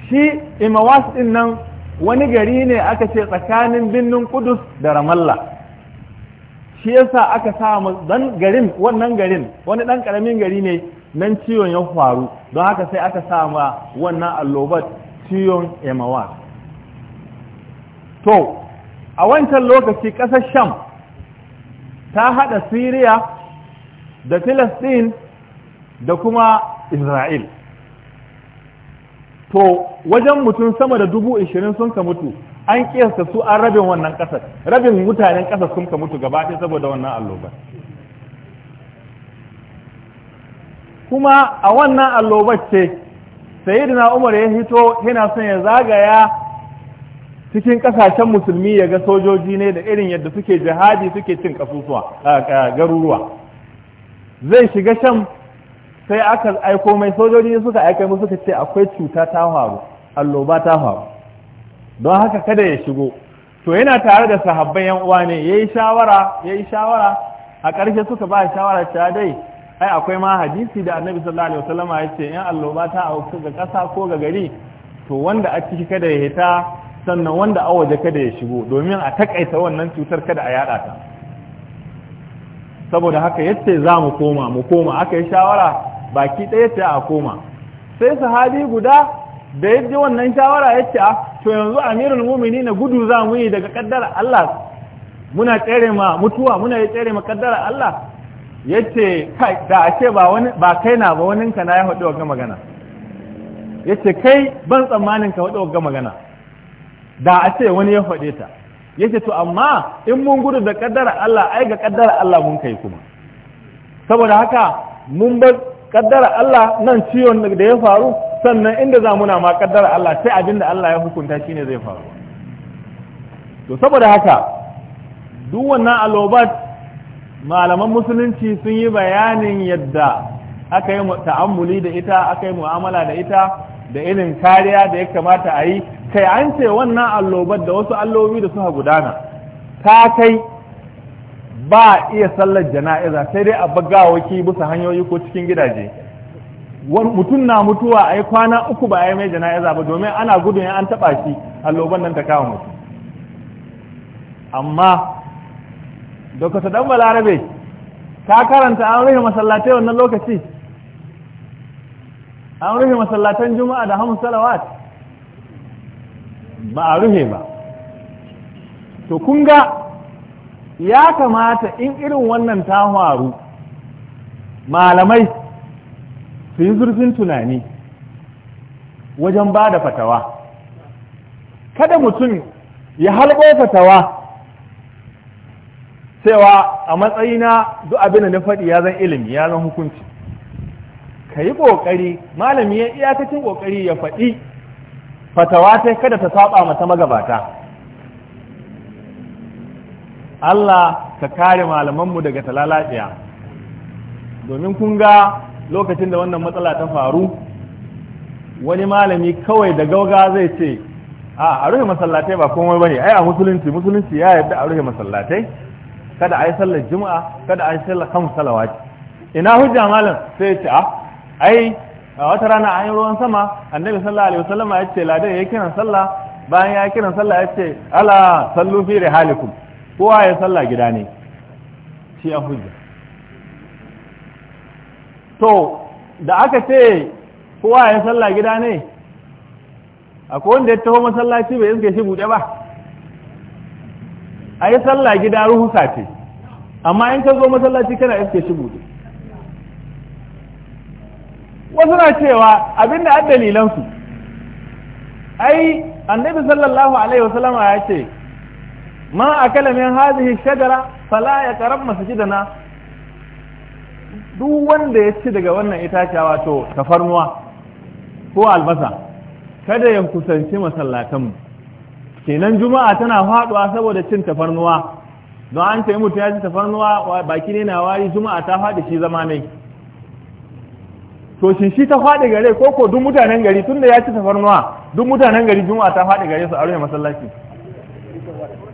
shi Imawas din nan wani gari ne aka ce tsakanin birnin Kudus da Ramallah shi yasa aka samu dan garin wannan garin wani dan karamin gari ne nan ciwon ya faru don haka sai aka sa samu wannan allobat ciwon Imawas to a wancan lokaci ƙasar sham ta haɗa siriya da filistin da kuma isra'il to wajen mutum sama da dubu ishirin sun ka mutu an kiyasta su an rabin wannan ƙasar rabin mutanen ƙasar sun ka mutu gaba saboda wannan allobar kuma a wannan allobar ce sayyidina umar ya hito yana son ya zagaya cikin kasashen musulmi ya ga sojoji ne da irin yadda suke jihadi suke cin kasusuwa garuruwa zai shiga shan sai aka aiko mai sojoji suka aika mu suka ce akwai cuta ta faru alloba ta faru don haka kada ya shigo to yana tare da sahabban yan uwa ne yayi shawara yayi shawara a ƙarshe suka ba shawara ta dai ai akwai ma hadisi da annabi sallallahu alaihi wasallam ya ce in alloba ta auku ga kasa ko ga gari to wanda a ciki kada ya hita sannan wanda a waje kada ya shigo domin a takaita wannan cutar kada a yada ta saboda haka yace za mu koma mu koma aka yi shawara baki ɗaya ce a koma sai sahabi guda da yaji wannan shawara yace a ah, to yanzu amirul mu'minin na gudu za mu yi daga kaddara Allah muna tsere ma mutuwa muna yi tsere ma kaddara Allah yace kai da ashe ba wani ba kai na ba waninka na ya hudu ga magana yace kai ban tsammanin ka hudu ga magana da a ce wani ya faɗe ta yake to amma in mun gudu da ƙaddara Allah ai ga kaddara Allah mun kai kuma saboda haka mun bar kaddara Allah nan ciwon da ya faru sannan inda za muna ma kaddara Allah sai abin da Allah ya hukunta shi ne zai faru to saboda haka duk wannan alobat malaman musulunci sun yi bayanin yadda aka yi ta'ammuli da ita aka yi mu'amala da ita da irin kariya da ya kamata a yi kai an ce wannan allobar da wasu allobi da suka gudana ta kai ba a iya sallar jana'iza sai dai a bagawaki bisa hanyoyi ko cikin gidaje mutum na mutuwa a yi kwana uku ba a yi mai jana'iza ba domin ana gudun an taɓa shi alloban nan ta kawo mutum amma dokata dan balarabe ta karanta an rufe masallatai wannan lokaci an rufe masallatan juma'a da hamun salawat ba a rufe ba to kun ga ya kamata in irin wannan ta faru malamai su yi zurfin tunani wajen ba da fatawa kada mutum ya halbo fatawa cewa a matsayina duk abin da na faɗi ya zan ilimi ya zan hukunci ka yi ƙoƙari malami ya iyakacin ƙoƙari ya faɗi fatawa sai kada ta saba mata magabata Allah ka kare malamanmu daga talalaciya domin kun ga lokacin da wannan matsala ta faru wani malami kawai da gauga zai ce a a rufe masallatai ba komai bane ai a musulunci musulunci ya yadda a rufe masallatai kada a yi sallar juma'a kada a yi sallar kan salawati ina hujja malam sai ya ce a ah, ai a wata rana an yi ruwan sama annabi sallallahu alaihi wasallam ya ce ladai ya kiran sallah bayan ya kiran sallah ya ce ala sallu fi rihalikum kowa ya sallah gida ne shi a hujja to da aka ce kowa ya sallah gida ne akwai wanda ya taho masallaci bai iske shi buɗe ba a yi sallah gida ruhu sace amma in ka zo masallaci kana iske shi buɗe wasu na cewa abinda an dalilansu ai annabi sallallahu alaihi wasallam ya ce ma akala min hadhihi shajara fala yaqrab masjidana duk wanda ya ci daga wannan itaciya wato tafarnuwa ko albasa kada ya kusanci masallatanmu kenan juma'a tana faduwa saboda cin tafarnuwa don an ce mutum ya ci tafarnuwa baki ne na wari juma'a ta faɗi shi zama ne to shin shi ta faɗi gare ko ko duk mutanen gari tunda ya ci tafarnuwa duk mutanen gari juma'a ta faɗi gare su a rufe masallaci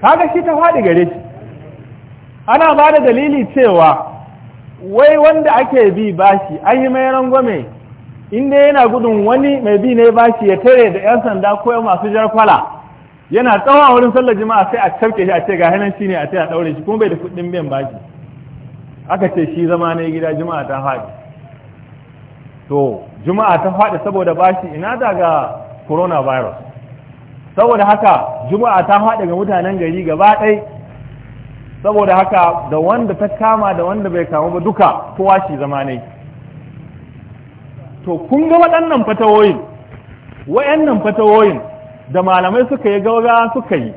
kaga shi ta faɗi gare shi ana ba da dalili cewa wai wanda ake bi bashi an yi mai rangwame inda yana gudun wani mai bi ne bashi ya tare da 'yan sanda ko masu jarkwala yana a wurin sallar jima'a sai a cafke shi a ce ga hannun shi ne a ce a ɗaure shi kuma bai da kuɗin biyan bashi aka ce shi zama ne gida jima'a ta faɗi. to juma'a ta faɗi saboda bashi ina daga corona virus saboda haka juma'a ta faɗi ga mutanen gari gaba ɗai saboda haka da wanda ta kama da wanda bai kama ba duka kowa shi zama ne to kun ga waɗannan fatawoyin wayannan fatawoyin da malamai suka yi gauga suka yi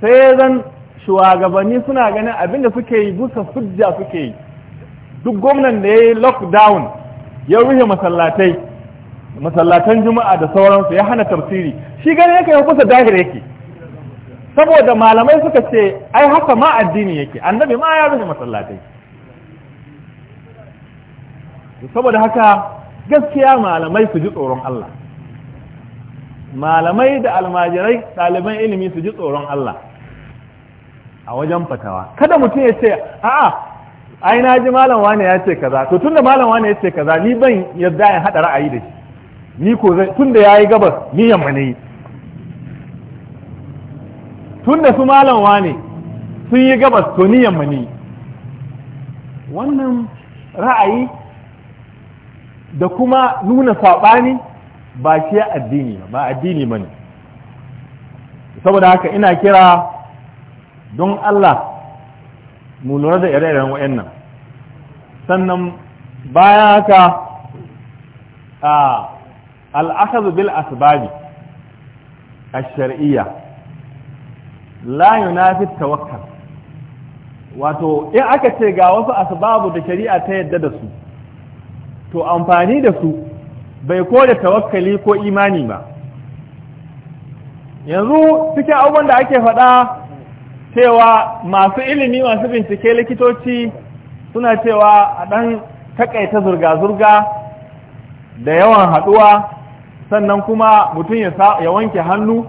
sai zan shugabanni suna ganin abinda suke yi busa fujja suke yi duk gwamnan da ya yi lockdown ya rufe masallatai masallatan juma'a da sauransu ya hana tafsiri shi gani yake ya kusa dahir yake saboda malamai suka ce ai haka ma addini yake annabi ma ya rufe masallatai saboda haka gaskiya malamai su ji tsoron Allah malamai da almajirai ɗaliban ilimi su ji tsoron Allah a wajen fatawa kada mutum ya ce a'a ai na ji malam wane ya ce kaza to tunda malam wane ya ce kaza ni ban yadda in hada ra'ayi da shi ni ko zai tunda yayi gabas ni yamma ne tunda su malam wane sun yi gabas to ni yamma ne wannan ra'ayi da kuma nuna saɓani ba shi addini ba addini ba ne saboda haka ina kira don Allah mu da ire-iren wa'annan sannan bayan haka a al'akazu bil asbabi a shari'iyya na fi tawakkal wato in aka ce ga wasu asbabu da shari'a ta yadda da su to amfani da su bai kore tawakkali ko imani ba yanzu cikin abubuwan da ake faɗa cewa masu ilimi masu bincike likitoci suna cewa a ɗan takaita zurga-zurga da yawan haɗuwa sannan kuma mutum ya wanke hannu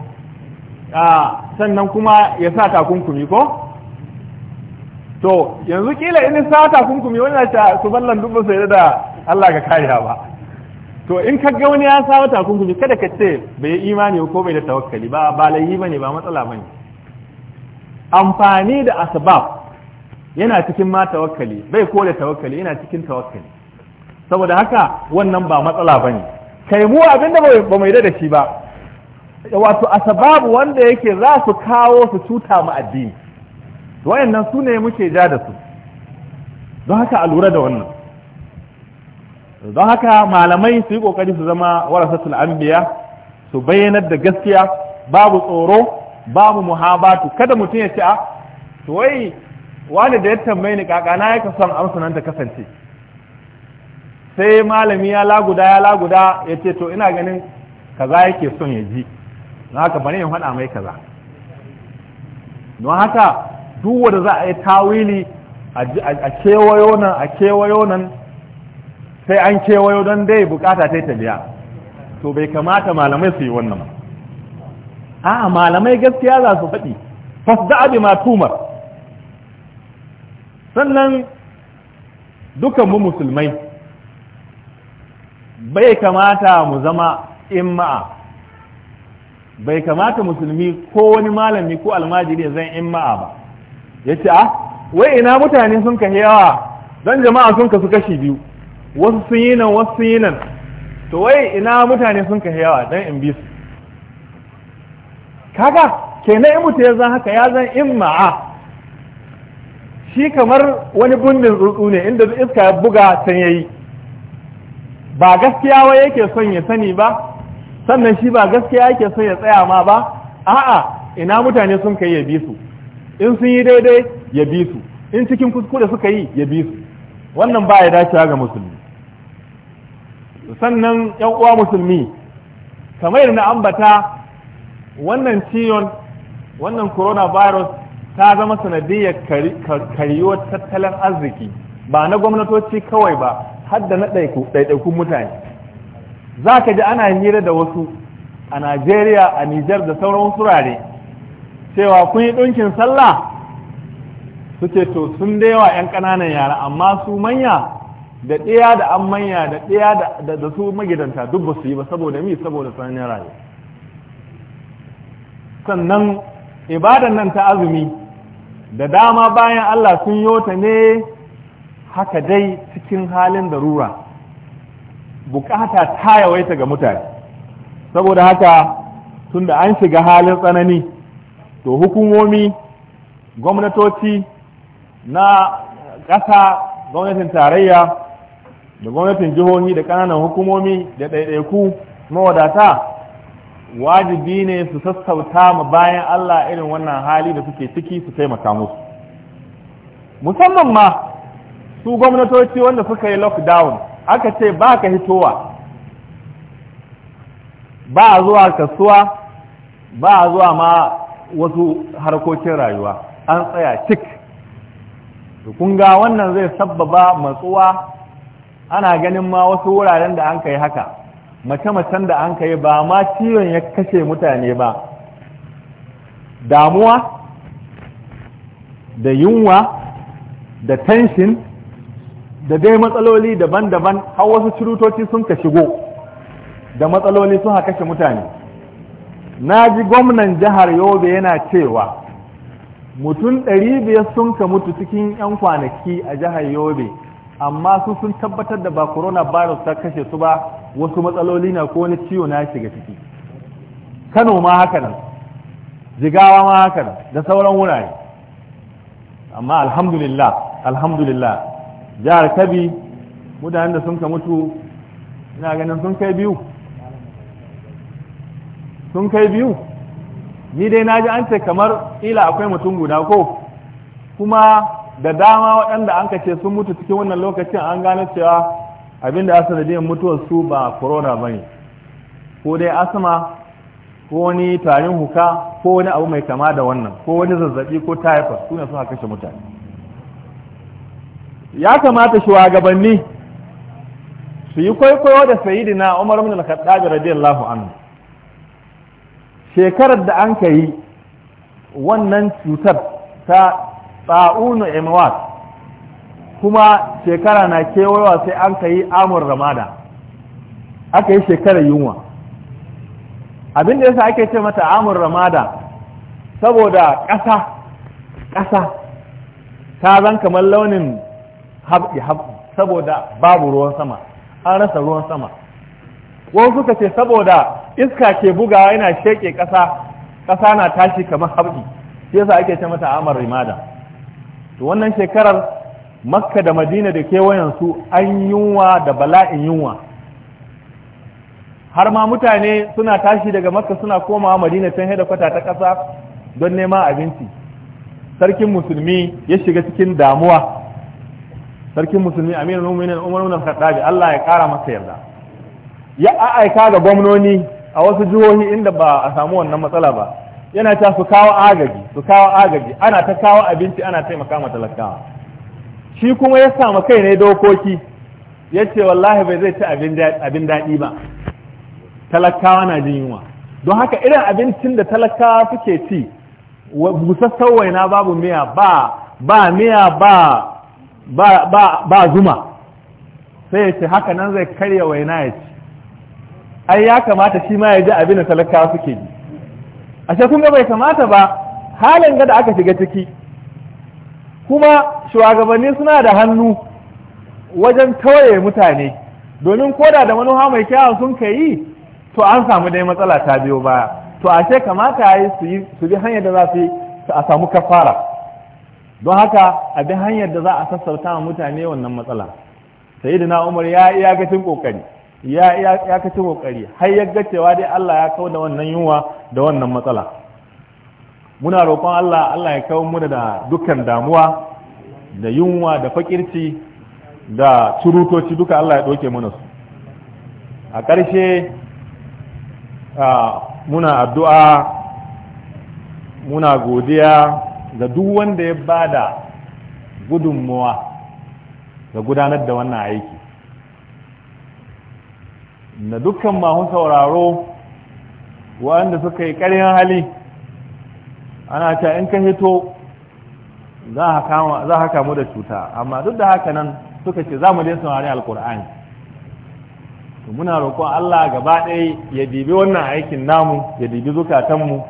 sannan kuma ya sa takunkumi ko? to yanzu kila in sa takunkumi wani ta su ballan dubba sai da Allah ka kariya ba to in ka ga wani ya sa takunkumi kada ka ce bai imani ko bai da tawakkali ba ba laifi bane ba matsala bane amfani da asbab yana cikin ma tawakkali bai kore tawakkali yana cikin tawakkali saboda haka wannan ba matsala bane kai mu abinda ba mu da shi ba wato asbab wanda yake za su kawo su cuta mu addini wayannan su ne muke ja da su don haka a da wannan don haka malamai su yi kokari su zama warasatul anbiya su bayyanar da gaskiya babu tsoro babu muhabatu kada mutum ya ce a ah, to wai wani da ya tambaye ni kakana ya ka son amsa nan ta kasance sai malami ya laguda ya laguda ya ce to ina ganin kaza yake son ya ji na haka bari in faɗa mai kaza don haka duk wanda za a yi tawili a kewayo nan a kewayo nan sai an kewayo don dai bukata ta yi biya to bai kamata malamai su yi wannan ba a'a malamai gaskiya za su faɗi fasda'a bi ma tumar sannan dukanmu mu musulmai bai kamata mu zama imma'a bai kamata musulmi ko wani malami ko almajiri zan imma'a ba Ya ce a ah, wai ina mutane sun ka yawa dan jama'a sun kasu kashi biyu wasu sun yi nan wasu sun yi nan to wai ina mutane sun ka yawa dan in bi su kaga kenan in mutu ya zan haka ya zan in ma'a shi kamar wani bundin tsuntsu ne inda iska ya buga can yi ba gaskiya wa yake son ya sani ba sannan shi ba gaskiya yake son ya tsaya ma ba a'a ina mutane sun kai ya bi su in sun yi daidai ya bi su in cikin kuskure suka yi ya bi su wannan ba ya dacewa ga musulmi sannan yan uwa musulmi kamar na ambata wannan ciyon wannan coronavirus ta zama sanadiyar karyuwar tattalin arziki ba na gwamnatoci kawai ba har da na ɗaiɗaikun mutane za ka ji ana hira da wasu a najeriya a nijar da sauran surare cewa kun yi ɗinkin sallah suke to sun da yawa 'yan ƙananan yara amma su manya da ɗaya da an manya da ɗaya da su magidanta duk ba su yi ba saboda mi saboda sanin rayu sannan ibadan nan ta azumi da dama bayan Allah sun yota ne haka dai cikin halin darura bukata ta yawaita ga mutane saboda haka tun da an shiga halin tsanani to hukumomi gwamnatoci na ƙasa gwamnatin tarayya da gwamnatin jihohi da ƙananan hukumomi da ɗaiɗaiku mawadata wajibi ne su sassauta ma bayan Allah irin wannan hali da suke ciki su taimaka musu musamman ma su gwamnatoci wanda suka yi lockdown aka ce ba ka hitowa ba a zuwa kasuwa ba a zuwa ma wasu harkokin rayuwa an tsaya cik ga wannan zai sabbaba matsuwa ana ganin ma wasu wuraren da an kai haka mace-macen da an kai ba ma ciwon ya kashe mutane ba damuwa da yunwa da tension da dai matsaloli daban-daban har wasu cirutoci sun ka shigo da matsaloli sun haka kashe mutane na ji gwamnan jihar yobe yana cewa mutum 500 sun ka mutu cikin 'yan kwanaki a jihar yobe amma su sun tabbatar da ba coronavirus ta kashe su ba wasu matsaloli na ko wani ciwo na shiga ciki kano ma haka nan jigawa ma haka nan da sauran wurare amma alhamdulillah alhamdulillah jihar kabi mutanen da sun ka mutu ina ganin sun kai biyu sun kai biyu ni dai na ji an ce kamar ila akwai mutum guda ko kuma da dama waɗanda an kace sun mutu cikin wannan lokacin an gane cewa abin da ya da mutuwar su ba corona ba ne ko dai asma ko wani tarin huka ko wani abu mai kama da wannan ko wani zazzabi ko typhus su ne suka kashe mutane ya kamata shugabanni su yi kwaikwayo da sayidina umar min al-khattab radiyallahu anhu shekarar da an kai wannan cutar ta ta'unu imwat kuma shekara na kewayewa sai an ka yi amur ramada aka yi shekarar yunwa abin da yasa ake ce mata amur ramada saboda ƙasa ƙasa ta zan kamar launin habɗi saboda babu ruwan sama an rasa ruwan sama wani suka ce saboda iska ke bugawa yana sheƙe ƙasa ƙasa na tashi kamar habɗi shi yasa ake ce mata amur ramada to wannan shekarar makka da madina da kewayensu an yunwa da bala'in yunwa har ma mutane suna tashi daga makka suna komawa madina can da kwata ta ƙasa don neman abinci sarkin musulmi ya shiga cikin damuwa sarkin musulmi aminu mu'minin umar ibn khattabi Allah ya kara masa yarda ya aika ga gwamnoni a wasu jihohi inda ba a samu wannan matsala ba yana ta su kawo agaji su kawo agaji ana ta kawo abinci ana taimaka ma talakawa shi kuma ya samu kai ne dokoki ya ce wallahi bai zai ci abin daɗi ba talakawa na jin yunwa don haka idan abincin da talakawa suke ci busassan waina babu miya ba ba miya ba ba zuma sai ya ce haka nan zai karya waina ya ci ai ya kamata shi ma ya ji abin da talakawa suke ji ashe kun bai kamata ba halin ga da aka shiga ciki kuma shugabanni suna da hannu wajen tawaye mutane domin koda da manuha mai kyawun sun ka yi to an samu dai matsala ta biyo baya to ashe kamata ya yi su bi hanyar da za su yi a samu kafara don haka a bi hanyar da za a sassauta wa mutane wannan matsala na umar ya yi iyakacin kokari ya ya kace kokari har ya ga cewa dai Allah ya kawo da wannan yunwa da wannan matsala muna roƙon Allah Allah ya kawo muna da dukkan damuwa da yunwa da fakirci da surutoci duka Allah ya ɗauke muna su a ƙarshe muna addu'a muna godiya ga duk wanda ya bada gudunmuwa ga gudanar da wannan aiki na dukkan masu sauraro wanda suka yi karyan hali ana ta in ka hito za a kamu da cuta amma duk da haka nan suka ce za mu dai saurari alkur'ani muna roƙon Allah gaba ɗaya ya dibi wannan aikin namu ya dibi zukatanmu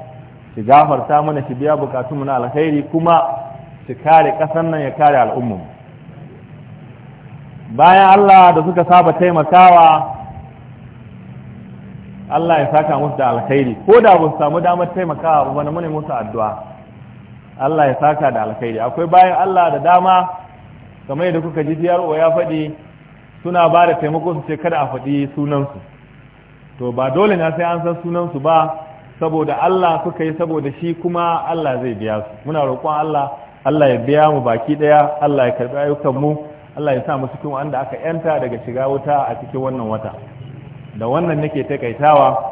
shi gafarta mana shi biya bukatu na alkhairi kuma shi kare ƙasar nan ya kare al'ummu bayan Allah da suka saba taimakawa Allah ya saka musu da alkhairi ko da ba su samu damar taimakawa ba wani mune musu addu'a Allah ya saka da alkhairi akwai bayan Allah da dama kamar yadda kuka ji DRO ya faɗi suna ba da taimako su ce kada a faɗi sunansu to ba dole na sai an san sunansu ba saboda Allah kuka yi saboda shi kuma Allah zai biya su muna roƙon Allah Allah ya biya mu baki ɗaya Allah ya karɓi ayyukan mu Allah ya sa mu cikin wanda aka yanta daga shiga wuta a cikin wannan wata da wannan nake takaitawa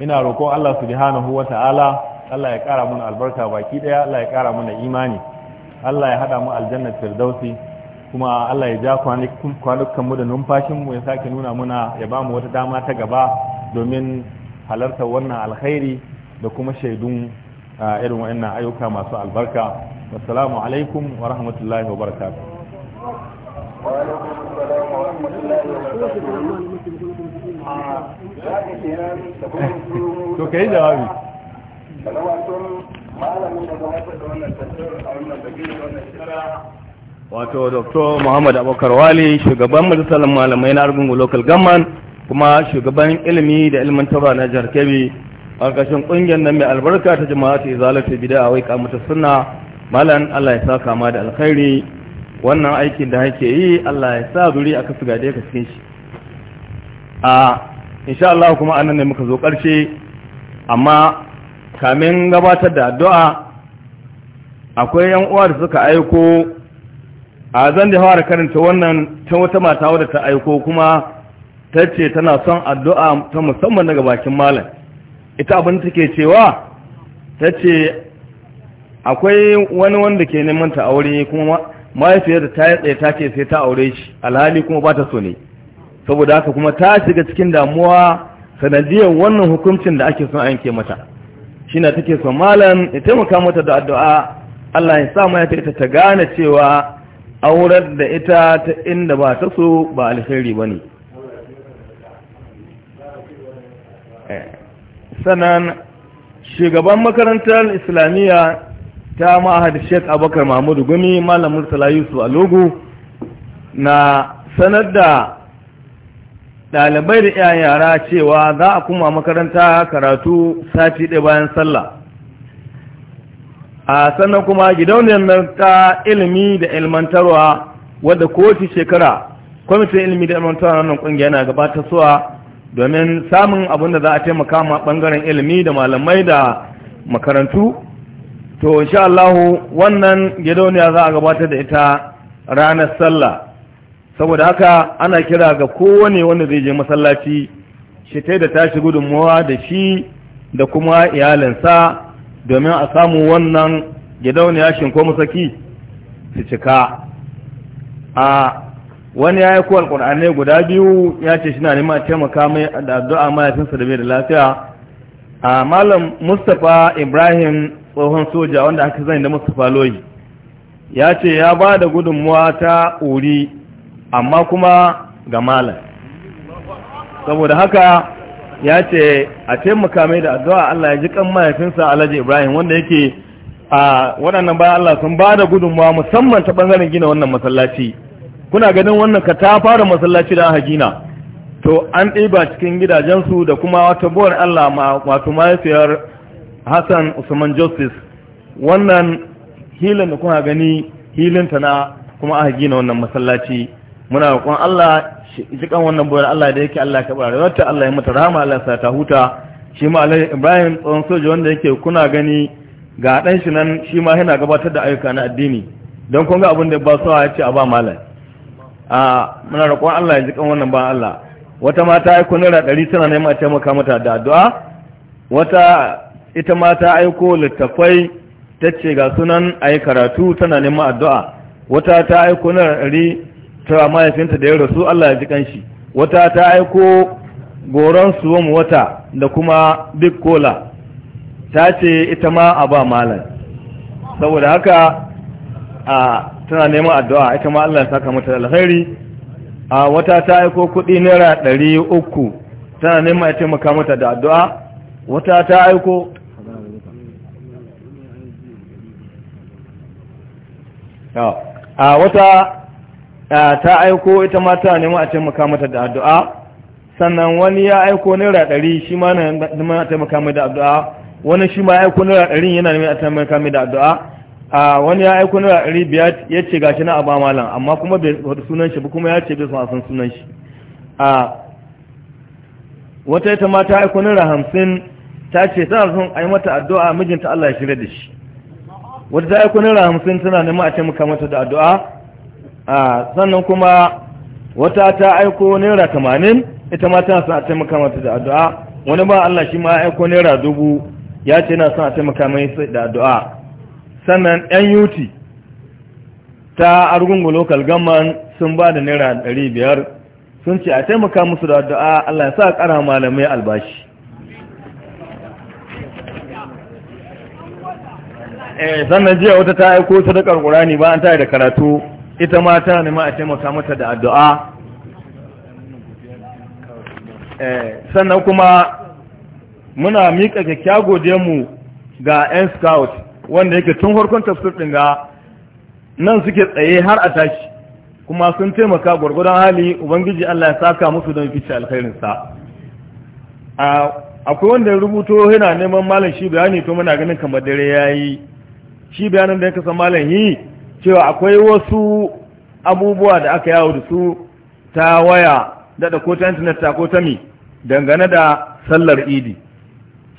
ina roƙon Allah subhanahu wa ta'ala Allah ya ƙara mana albarka baki ɗaya Allah ya ƙara mana imani Allah ya haɗa mu aljanna firdausi kuma Allah ya ja kwanukan mu da numfashin mu ya sake nuna muna ya ba mu wata dama ta gaba domin halartar wannan alkhairi da kuma shaidun irin wa'annan ayyuka masu albarka wassalamu alaikum wa rahmatullahi wa barakatuh to kai jawabi wato dr muhammad abokar wali shugaban majalisar malamai na argungu local government kuma shugaban ilimi da ilmantarwa na jihar kebbi a ƙarshen ƙungiyar nan mai albarka ta jama'a ta izalata bida a waika mata suna malam allah ya sa kama da alkhairi wannan aikin da hake yi allah ya sa zuri a kasu gade ka cikin shi a insha Allah kuma annan ne muka zo ƙarshe amma kamin gabatar da addu'a akwai yan uwa da suka aiko a zan da hawar karanta wannan ta wata mata wadda ta aiko kuma ta ce tana son addu'a ta musamman daga bakin malam ita abin take cewa ta ce akwai wani wanda ke neman ta aure kuma mahaifiyar da ta yi tsaye ta ce sai ta aure shi alhali kuma ba ta so ne saboda haka kuma ta shiga cikin damuwa sanadiyar wannan hukuncin da ake son a yanke mata shi na take son malam ya taimaka mata da addu'a Allah ya sa mata ita ta gane cewa aurar da ita ta inda ba ta so ba alheri ba ne sannan shugaban makarantar islamiyya ta ma'ahad sheik abubakar mahmudu gumi malam murtala yusuf alugu na sanar da Dalibai da yayan yara cewa za a kuma makaranta karatu sati ɗaya bayan sallah a sannan kuma gidauniyar nan ta ilimi da ilmantarwa wadda kowace shekara kwamitin ilimi da ilmantarwa nan ƙungiya na gabata suwa domin samun abin da za a taimaka ma ɓangaren ilimi da malamai da makarantu to insha Allah wannan gidauniya za a gabatar da ita ranar sallah saboda haka ana kira ga kowane wanda zai je masallaci shi ta da tashi gudunmuwa da shi da kuma iyalinsa domin a samu wannan gidauniya shinko musaki su cika a wani ya yi ko alƙur'anai guda biyu ya ce shi na neman taimaka mai da addu'a mahaifinsa da bai da lafiya a malam mustapha ibrahim tsohon soja wanda aka zai da mustapha loyi ya ce ya ba da gudunmuwa ta uri amma kuma ga malam saboda haka ya ce a taimaka mai da addu'a Allah ya ji kan mahaifinsa Alhaji Ibrahim wanda yake a waɗannan bayan Allah sun ba da gudunmawa musamman ta ɓangaren gina wannan masallaci kuna ganin wannan ka ta fara masallaci da aka gina to an ɗiba cikin gidajensu da kuma wata buwar Allah wato mahaifiyar Hassan Usman Justice wannan hilin da kuna gani hilinta na kuma aka gina wannan masallaci muna roƙon Allah shi kan wannan boyar Allah da yake Allah ka ba rayuwarta Allah ya mata rahama Allah sa ta huta shi ma Alhaji Ibrahim tsohon soja wanda yake kuna gani ga dan shi nan shi ma yana gabatar da ayyuka na addini don kun ga abin da ba so ya ce a ba malam a muna roƙon Allah ya ji kan wannan ba Allah wata mata aiko naira 100 tana neman a taimaka mata da addu'a wata ita ma ta aiko littafai ta ce ga sunan a yi karatu tana neman addu'a wata ta aiko naira ta mahaifinta da ya rasu Allah ya ji kanshi wata ta aiko goron suwam wata da kuma big cola ta ce ita ma a ba malam saboda haka a tana neman addu'a ita ma Allah ya saka mata alkhairi a wata ta aiko kudi naira ɗari uku tana neman ya taimaka mata da addu'a wata ta aiko a wata ta aiko ita ma ta neman a taimaka mata da addu'a sannan wani ya aiko naira ɗari shi ma neman a taimaka mai da addu'a wani shi ma ya aiko naira ɗari yana neman a taimaka mai da addu'a a wani ya aiko naira ɗari biyar ya ce gashi na aba malam amma kuma bai wata sunan shi ba kuma ya ce bai son san sunan shi a wata ita ma ta aiko naira hamsin ta ce tana son a yi mata addu'a mijinta Allah ya shirya da shi wata ta aiko naira hamsin tana neman a taimaka mata da addu'a a ah, sannan kuma wata ta aiko naira tamanin ita ma tana son a taimaka mata da addu'a wani ba Allah shi ma aiko naira dubu ya ce na son a taimaka mai da addu'a sannan yan yuti ta argungu local Gamman sun ba da naira ɗari biyar sun ce a taimaka musu da addu'a Allah ya sa ƙara malamai albashi eh, sannan jiya wata ta aiko da ƙurani ba an tare da karatu ita ma tana nema a taimaka mata da addu'a eh, sannan kuma muna miƙa kyakkyawa mu ga 'yan scout wanda yake tun farkon tafsir ɗin ga nan suke tsaye har a tashi kuma sun taimaka gwargwadon hali ubangiji Allah ya saka musu don fice alkhairinsa akwai wanda ya rubuto yana neman malam shi bayani to muna ganin kamar dare ya yi shi bayanin da ya kasa malam yi cewa akwai wasu abubuwa da aka yawo da su ta waya daɗa ko ta intanet ta ko ta mi dangane da sallar idi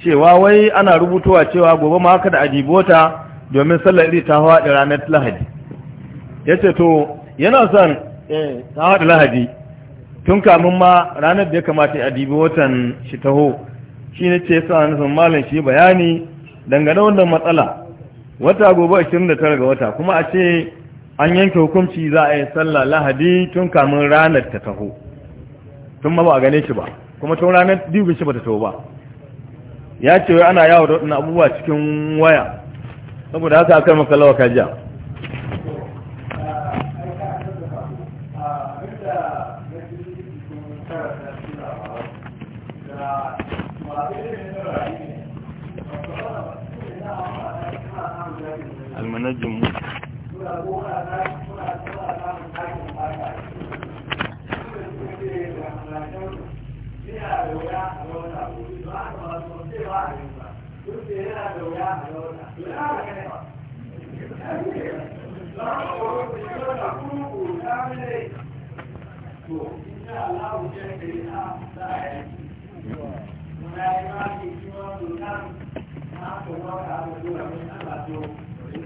cewa wai ana rubutuwa cewa gobe ma haka da adibota domin sallar idi ta haɗe ranar lahadi ya ce to yana son eh, ta haɗe lahadi tun kamun ma ranar da ya kamata a watan shi taho shi ne ce sa nufin malin shi bayani dangane wannan matsala wata gobe 29 ga wata kuma a ce an yanke hukunci za a yi sallah lahadi tun kamun ranar ta taho tun ma ba a gane shi ba kuma tun ranar dubin shi ba ta taho ba ya ce wai ana yawo da waɗannan abubuwa cikin waya saboda haka aka yi makalawa kajiya manajinmu Thank you.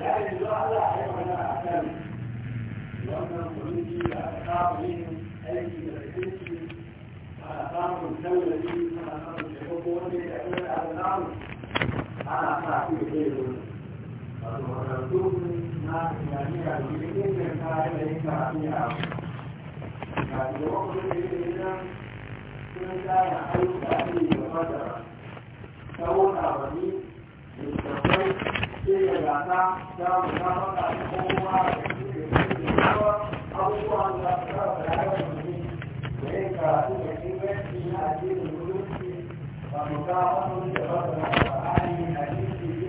يعني الله لا يمنع أحكامه وأنهم قلوبي أتقاط منهم أيدي وتكنسي وأتقاط الدولة وأتقاط الشعوب وأنهم يأتون على الأرض على أخلاقه غيرهم وأنهم ما يعني يمكن أن يكون ليس عليها يعني وقت الإنسان كنت يحاول تأثير وقدره سواء أغني للتقوى shirya ta domin taimakawa ga wani aiki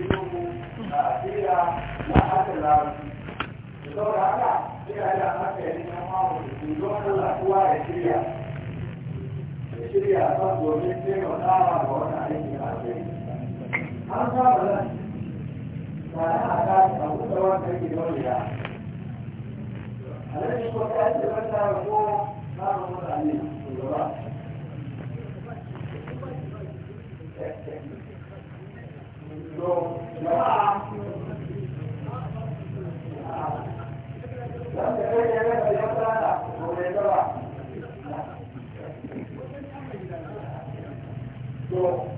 a kai. An saba nan فأنا أتاك أو تروى كيف دوليا الذي قد أجل بنا يقول ما نقول عليه جماعة لم تكن يمكن أن يقرأ ويتبع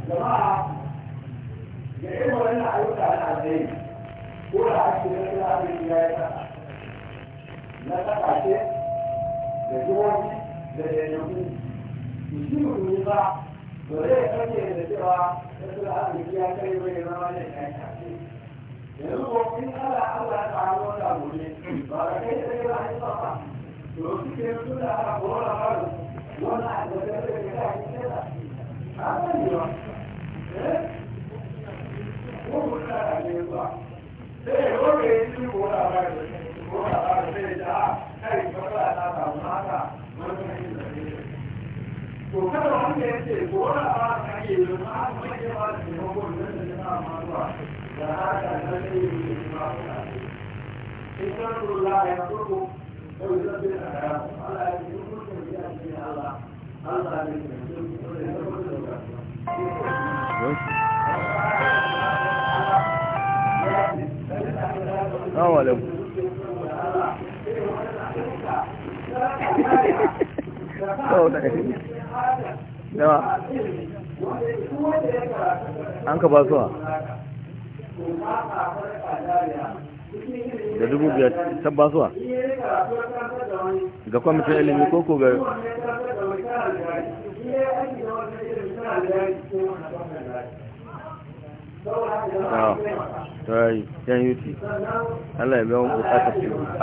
جماعة يقول لنا أيوة على العزيز 过来，现在出来，你家那个，那个大姐，也是我姐，就是你们，你媳妇是吧？我也是她姐姐吧？这是俺们家，家里没有妈妈挣钱，辛苦。如果我跟他俺们俩商量，母亲，把孩子给俺做上，有时间出来，俺婆老妈子，我来，我在这里给你做上，啥问题吗？哎，我不出来给你做。sai ko ka yi shi ko da ba da ko da ba da sai kai ba ka ta ta mata wani ne da ne to kada wanda yake ko da ba ka yi ma ma ke ba da ko da ne da ma ba da haka da ne ne ma ba in kan la ya ko ko da bin Allah ya yi mutum ya Allah Allah ne ya yi mutum ya Allah salamu yawa an ka ba da dubu biyar ga kwamitin ilimi ko ga yawa tayi yan yuti Allah ya biya muku su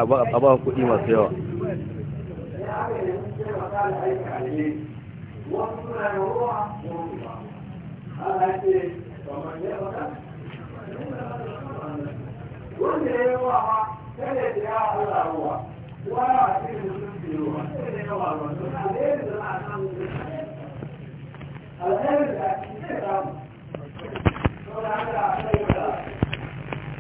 a ba kuɗi masu yawa wanda ya yi wa ma kada ya a cikin musulunci ruwa kada ya wa ruwa suna a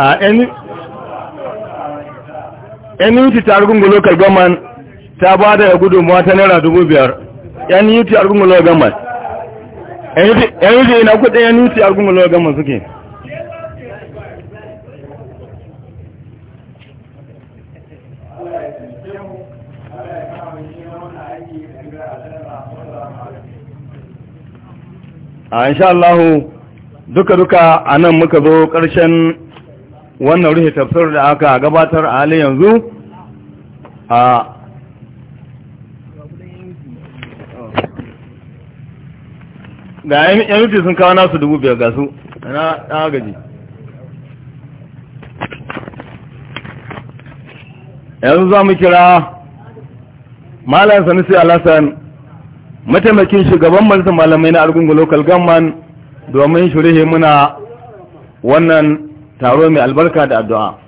a kan yi a NUT ta argungu local government ta ba da gudunmuwa ta naira dubu biyar NUT yi local government NUT ina kudin NUT local suke a insha Allah duka-duka a nan muka zo ƙarshen wannan rufe tafsir da aka gabatar a halin yanzu a ga mp sun kawo nasu dubu biyar gasu na gaji yanzu za mu kira malam sanisi alasan mataimakin shugaban majalisar malamai na argungu local government domin shirhe muna wannan taro mai albarka da addu'a